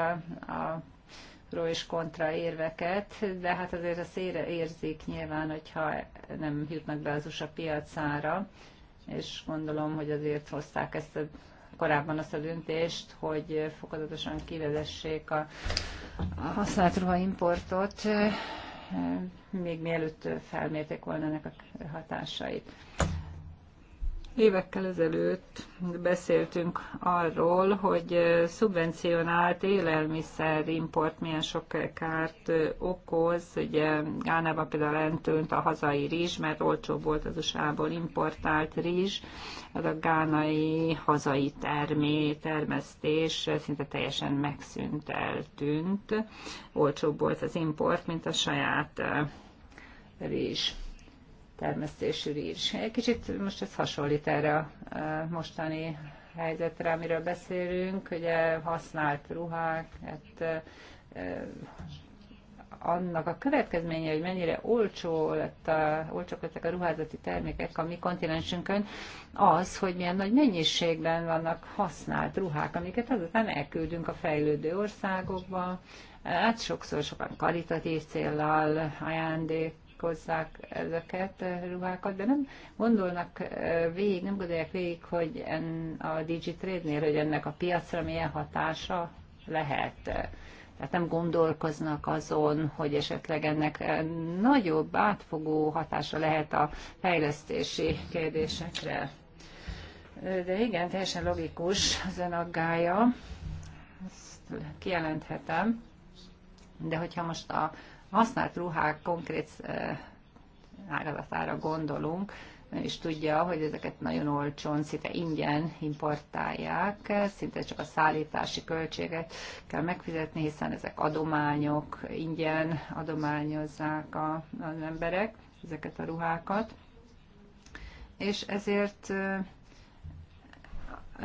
a pro és kontra érveket, de hát azért az érzik nyilván, hogyha nem jutnak be az USA piacára, és gondolom, hogy azért hozták ezt a, korábban azt a döntést, hogy fokozatosan kivezessék a, a használt importot, eh, még mielőtt felmérték volna ennek a hatásait. Évekkel ezelőtt beszéltünk arról, hogy szubvencionált élelmiszerimport milyen sok kárt okoz. Ugye Gánában például eltűnt a hazai rizs, mert olcsóbb volt az USA-ból importált rizs. Az a gánai hazai termé, termesztés szinte teljesen megszűnt, eltűnt. Olcsóbb volt az import, mint a saját eh, rizs termesztésű rizs. Egy kicsit most ez hasonlít erre a mostani helyzetre, amiről beszélünk, ugye használt hát, annak a következménye, hogy mennyire olcsó lett a, olcsók lettek a ruházati termékek a mi kontinensünkön, az, hogy milyen nagy mennyiségben vannak használt ruhák, amiket azután elküldünk a fejlődő országokba, hát sokszor sokan karitatív céllal, ajándék hozzák ezeket a eh, ruhákat, de nem gondolnak eh, végig, nem gondolják végig, hogy en, a Digitrade-nél, hogy ennek a piacra milyen hatása lehet. Tehát nem gondolkoznak azon, hogy esetleg ennek eh, nagyobb, átfogó hatása lehet a fejlesztési kérdésekre. De igen, teljesen logikus az ön aggája, ezt kijelenthetem. De hogyha most a használt ruhák konkrét ágazatára gondolunk, ön is tudja, hogy ezeket nagyon olcsón, szinte ingyen importálják, szinte csak a szállítási költséget kell megfizetni, hiszen ezek adományok, ingyen adományozzák a, az emberek ezeket a ruhákat. És ezért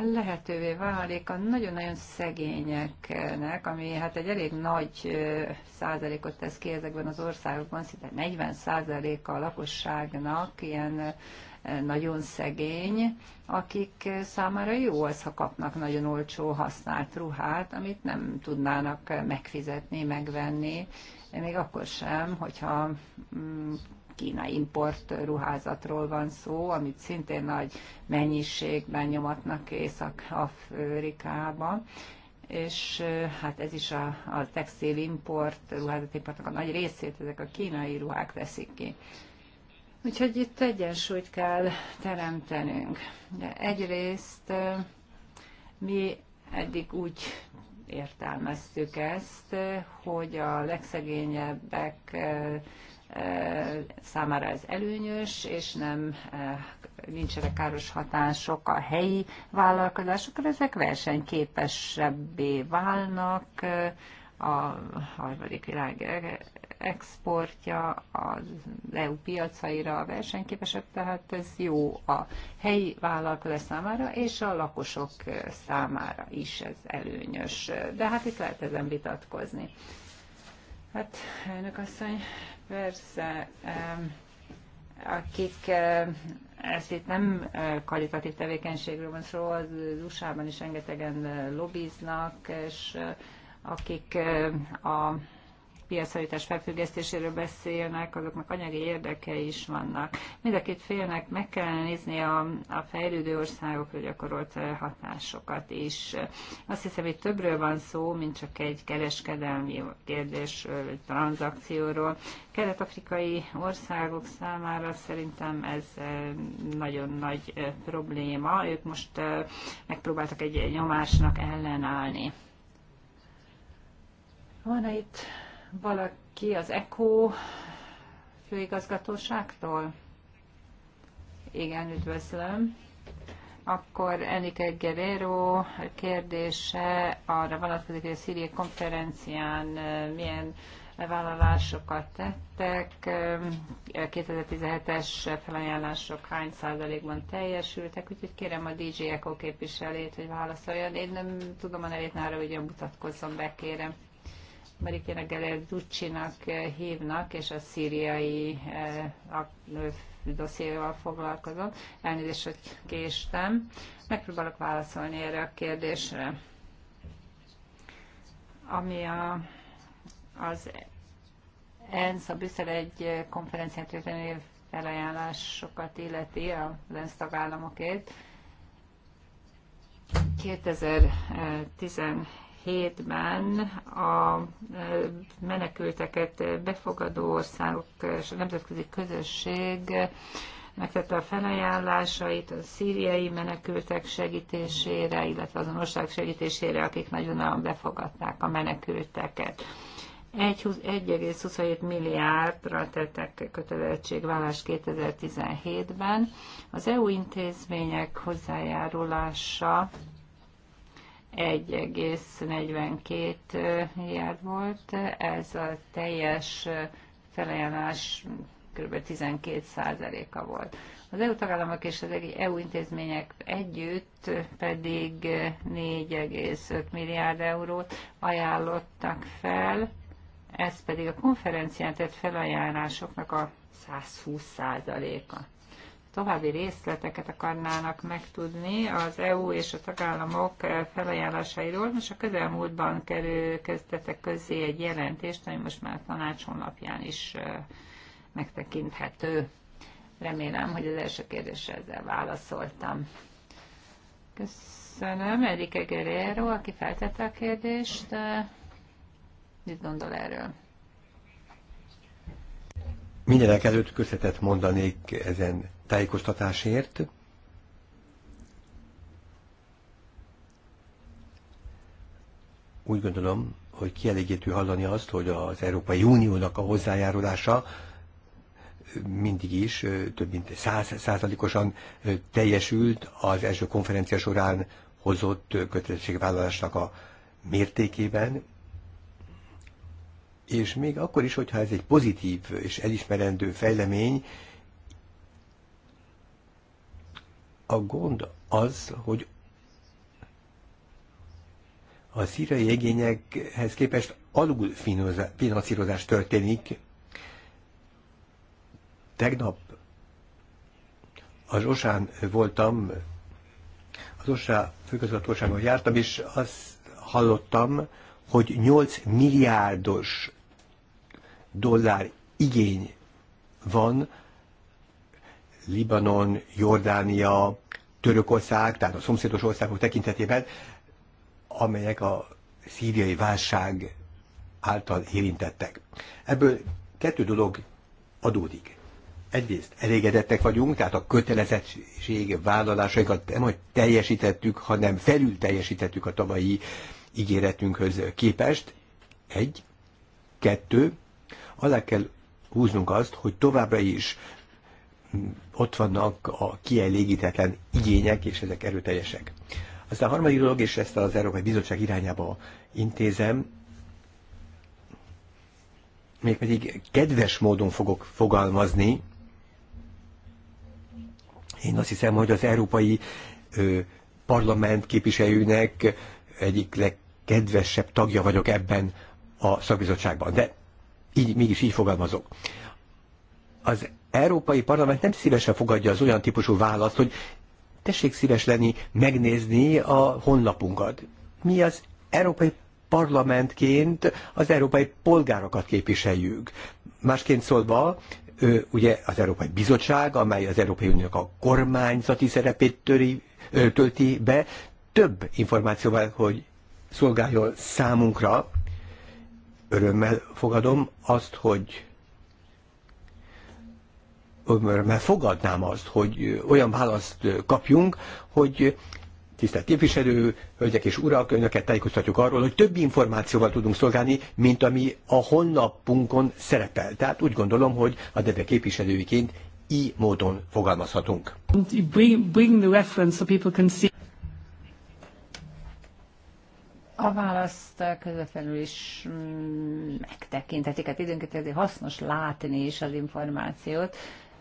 lehetővé válik a nagyon-nagyon szegényeknek, ami hát egy elég nagy százalékot tesz ki ezekben az országokban, szinte 40 százaléka a lakosságnak ilyen nagyon szegény, akik számára jó az, ha kapnak nagyon olcsó használt ruhát, amit nem tudnának megfizetni, megvenni, még akkor sem, hogyha mm, kínai import ruházatról van szó, amit szintén nagy mennyiségben nyomatnak Észak-Afrikában és hát ez is a, a textil import, ruházatipartnak a nagy részét ezek a kínai ruhák veszik ki. Úgyhogy itt egyensúlyt kell teremtenünk. De egyrészt mi eddig úgy értelmeztük ezt, hogy a legszegényebbek számára ez előnyös, és nem nincsenek káros hatások a helyi vállalkozásokra, ezek versenyképesebbé válnak, a harmadik világ exportja az EU piacaira versenyképesebb, tehát ez jó a helyi vállalkozás számára és a lakosok számára is ez előnyös. De hát itt lehet ezen vitatkozni. Hát, elnök asszony, persze, akik ezt itt nem kvalitatív tevékenységről van szó, az USA-ban is rengetegen lobbiznak, és akik a piacajutás felfüggesztéséről beszélnek, azoknak anyagi érdekei is vannak. Mind a két félnek meg kellene nézni a, a fejlődő országokra gyakorolt eh, hatásokat is. Azt hiszem, hogy többről van szó, mint csak egy kereskedelmi kérdés egy tranzakcióról. Kelet-afrikai országok számára szerintem ez eh, nagyon nagy eh, probléma. Ők most megpróbáltak egy nyomásnak ellenállni. Van itt valaki az ECO főigazgatóságtól? Igen, üdvözlöm. Akkor Enrique Guerrero kérdése arra vonatkozik, hogy a szíriai konferencián milyen vállalásokat tettek, 2017-es felajánlások hány százalékban teljesültek, úgyhogy kérem a DJ Eko képviselét, hogy válaszoljon. Én nem tudom a nevét nála, hogy mutatkozzon be, kérem. Marikének Ducsinak eh, hívnak, és a szíriai eh, a eh, dossziéval foglalkozom. Elnézést, hogy késtem. Megpróbálok válaszolni erre a kérdésre. Ami a, az ENSZ, a Brüsszel egy konferenciát történő felajánlásokat illeti a ENSZ tagállamokért. 2007-ben a menekülteket befogadó országok és a nemzetközi közösség megtette a felajánlásait a szíriai menekültek segítésére, illetve azon ország segítésére, akik nagyon-nagyon befogadták a menekülteket. 1,27 milliárdra tettek kötelezettségvállás 2017-ben. Az EU intézmények hozzájárulása 1,42 milliárd volt, ez a teljes felajánlás kb. 12%-a volt. Az EU tagállamok és az EU intézmények együtt pedig 4,5 milliárd eurót ajánlottak fel, ez pedig a konferencián tett felajánlásoknak a 120%-a további részleteket akarnának megtudni az EU és a tagállamok felajánlásairól. Most a közelmúltban kezdtetek közé egy jelentést, ami most már a tanács honlapján is megtekinthető. Remélem, hogy az első kérdésre ezzel válaszoltam. Köszönöm Erike Guerrero, aki feltette a kérdést. Mit gondol erről? Mindenek előtt köszönetet mondanék ezen tájékoztatásért. Úgy gondolom, hogy kielégítő hallani azt, hogy az Európai Uniónak a hozzájárulása mindig is több mint száz százalékosan teljesült az első konferencia során hozott kötelezettségvállalásnak a mértékében, és még akkor is, hogyha ez egy pozitív és elismerendő fejlemény, A gond az, hogy a szírai igényekhez képest alul finanszírozás történik. Tegnap az Osán voltam, az Osá főközgatóságon jártam, és azt hallottam, hogy 8 milliárdos dollár igény van Libanon, Jordánia, Törökország, tehát a szomszédos országok tekintetében, amelyek a szíriai válság által érintettek. Ebből kettő dolog adódik. Egyrészt elégedettek vagyunk, tehát a kötelezettség vállalásaikat nem hogy teljesítettük, hanem felül teljesítettük a tavalyi ígéretünkhöz képest. Egy, kettő, alá kell húznunk azt, hogy továbbra is ott vannak a kielégítetlen igények, és ezek erőteljesek. Aztán a harmadik dolog, és ezt az Európai Bizottság irányába intézem, mégpedig kedves módon fogok fogalmazni. Én azt hiszem, hogy az Európai ö, Parlament képviselőnek egyik legkedvesebb tagja vagyok ebben a szakbizottságban, de így, mégis így fogalmazok. Az Európai Parlament nem szívesen fogadja az olyan típusú választ, hogy tessék szíves lenni, megnézni a honlapunkat. Mi az Európai Parlamentként az európai polgárokat képviseljük. Másként szólva, ő, ugye az Európai Bizottság, amely az Európai Uniónak a kormányzati szerepét töri, ö, tölti be, több információval, hogy szolgáljon számunkra. Örömmel fogadom azt, hogy mert fogadnám azt, hogy olyan választ kapjunk, hogy tisztelt képviselő, hölgyek és urak, önöket tájékoztatjuk arról, hogy több információval tudunk szolgálni, mint ami a honlapunkon szerepel. Tehát úgy gondolom, hogy a DEVE képviselőiként így módon fogalmazhatunk. Bring, bring the reference so people can see. A választ közvetlenül is mm, megtekinthetik, hát időnként hasznos látni is az információt,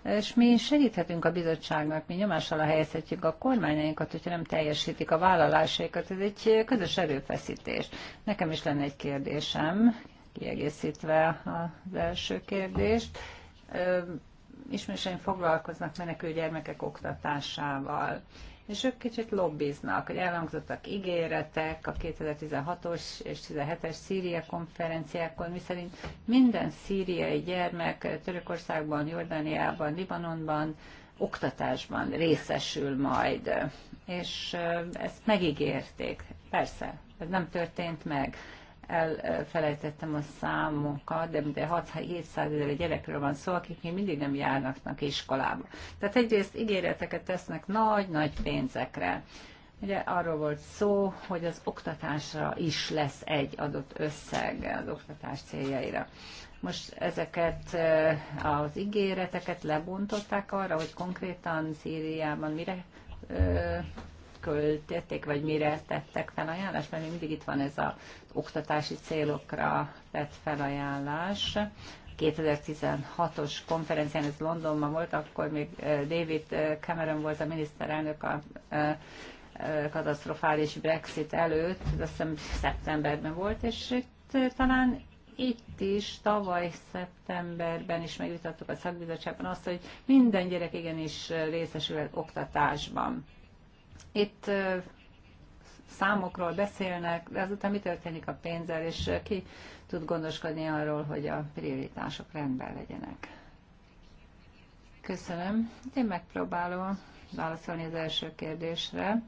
és mi segíthetünk a bizottságnak, mi nyomással a helyezhetjük a kormányainkat, hogyha nem teljesítik a vállalásaikat. Ez egy közös erőfeszítés. Nekem is lenne egy kérdésem, kiegészítve az első kérdést. Ismerőseim foglalkoznak gyermekek oktatásával és ők kicsit lobbiznak, hogy elhangzottak ígéretek a 2016-os és 17-es Szíria konferenciákon, miszerint minden szíriai gyermek Törökországban, Jordániában, Libanonban oktatásban részesül majd. És ezt megígérték. Persze, ez nem történt meg elfelejtettem a számokat, de minden 6-700 ezer gyerekről van szó, akik még mindig nem járnak iskolába. Tehát egyrészt ígéreteket tesznek nagy-nagy pénzekre. Ugye arról volt szó, hogy az oktatásra is lesz egy adott összeg az oktatás céljaira. Most ezeket e, az ígéreteket lebontották arra, hogy konkrétan Szíriában mire e, költötték, vagy mire tettek felajánlást, mert még mindig itt van ez az oktatási célokra tett felajánlás. 2016-os konferencián, ez Londonban volt, akkor még David Cameron volt a miniszterelnök a katasztrofális Brexit előtt, azt hiszem szeptemberben volt, és itt talán itt is tavaly szeptemberben is megvitattuk a szakbizottságban azt, hogy minden gyerek igenis részesül oktatásban. Itt számokról beszélnek, de azután mi történik a pénzzel, és ki tud gondoskodni arról, hogy a prioritások rendben legyenek. Köszönöm. Én megpróbálom válaszolni az első kérdésre.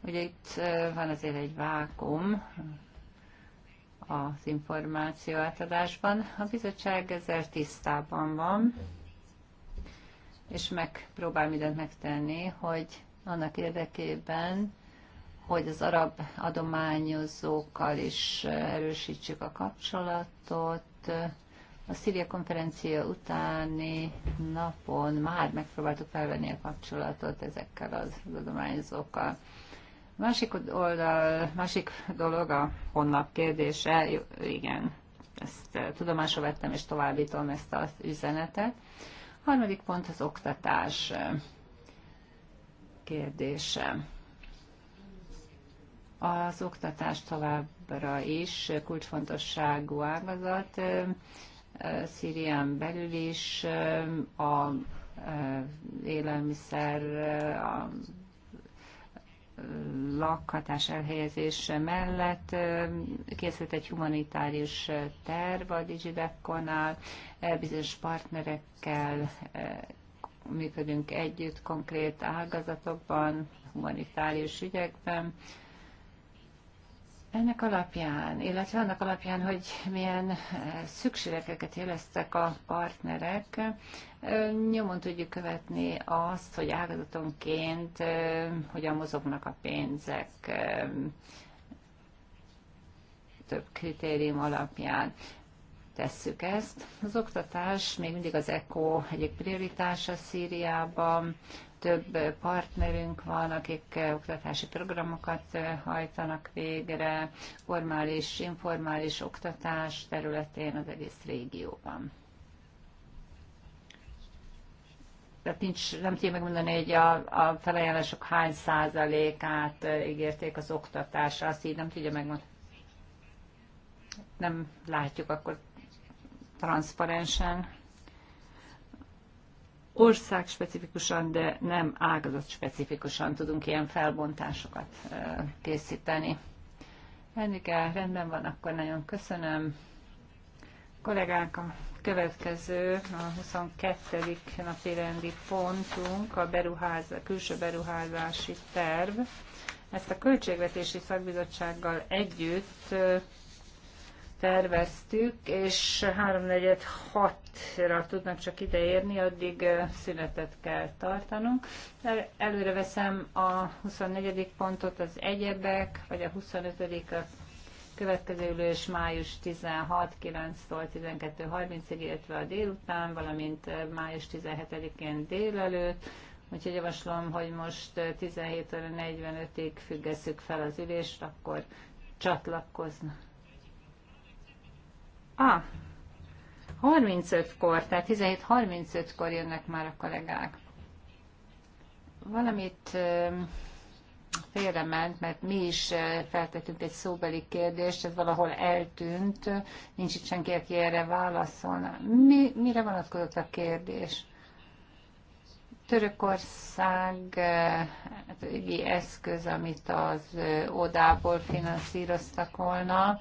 Ugye itt van azért egy vákum az információ átadásban. A bizottság ezzel tisztában van és megpróbál mindent megtenni, hogy annak érdekében, hogy az arab adományozókkal is erősítsük a kapcsolatot. A Szíria konferencia utáni napon már megpróbáltuk felvenni a kapcsolatot ezekkel az adományozókkal. másik oldal, másik dolog a honlap kérdése, igen, ezt eh, tudomásra vettem és továbbítom ezt az üzenetet. Harmadik pont az oktatás kérdése. Az oktatás továbbra is kulcsfontosságú ágazat. Szírián belül is a élelmiszer, a lakhatás elhelyezés mellett készült egy humanitárius terv a digidevcon bizonyos partnerekkel működünk együtt konkrét ágazatokban, humanitárius ügyekben, ennek alapján, illetve annak alapján, hogy milyen eh, szükségeket jeleztek a partnerek, eh, nyomon tudjuk követni azt, hogy ágazatonként eh, hogyan mozognak a pénzek több kritérium alapján tesszük ezt. Az oktatás még mindig az ECO egyik prioritása Szíriában, több partnerünk van, akik eh, oktatási programokat eh, hajtanak végre, formális, informális oktatás területén az egész régióban. tehát nincs, nem tudja megmondani, hogy a, a felajánlások hány százalékát eh, ígérték az oktatásra, azt így nem tudja megmondani. Nem látjuk akkor transzparensen ország specifikusan, de nem ágazat specifikusan tudunk ilyen felbontásokat készíteni. Henrike, rendben van, akkor nagyon köszönöm. Kollégák, a következő, a 22. napi rendi pontunk, a beruház, a külső beruházási terv. Ezt a költségvetési szakbizottsággal együtt terveztük, és háromnegyed ra tudnak csak ideérni, addig szünetet kell tartanunk. Előre veszem a 24. pontot, az egyebek, vagy a 25. a következő ülés május 16, 9-tól 12.30-ig, illetve a délután, valamint május 17-én délelőtt. Úgyhogy javaslom, hogy most 17 óra 45-ig függesszük fel az ülést, akkor csatlakoznak Ah, 35-kor, tehát 35 kor jönnek már a kollégák. Valamit félrement, mert mi is feltettünk egy szóbeli kérdést, ez valahol eltűnt, nincs itt senki, aki erre válaszolna. Mi, mire vonatkozott a kérdés? Törökország hát egy eszköz, amit az odából finanszíroztak volna,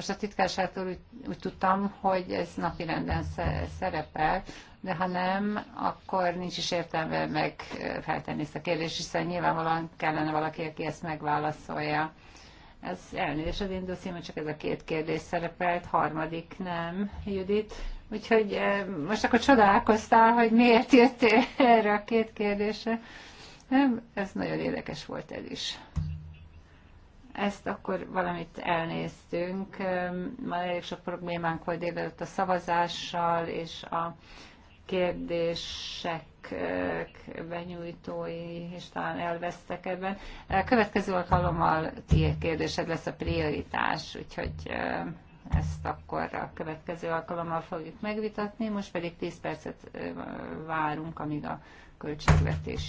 most a titkárságtól úgy, úgy tudtam, hogy ez napi renden szerepel, de ha nem, akkor nincs is értelme meg feltenni ezt a kérdést, hiszen nyilvánvalóan kellene valaki, aki ezt megválaszolja. Ez elnézést az én csak ez a két kérdés szerepelt, harmadik nem, Judit. Úgyhogy most akkor csodálkoztál, hogy miért jöttél erre a két kérdésre. Nem, ez nagyon érdekes volt ez is ezt akkor valamit elnéztünk. Már elég sok problémánk volt délelőtt a szavazással és a kérdések benyújtói és talán elvesztek ebben. Következő alkalommal ti kérdésed lesz a prioritás, úgyhogy ezt akkor a következő alkalommal fogjuk megvitatni, most pedig 10 percet várunk, amíg a költségvetési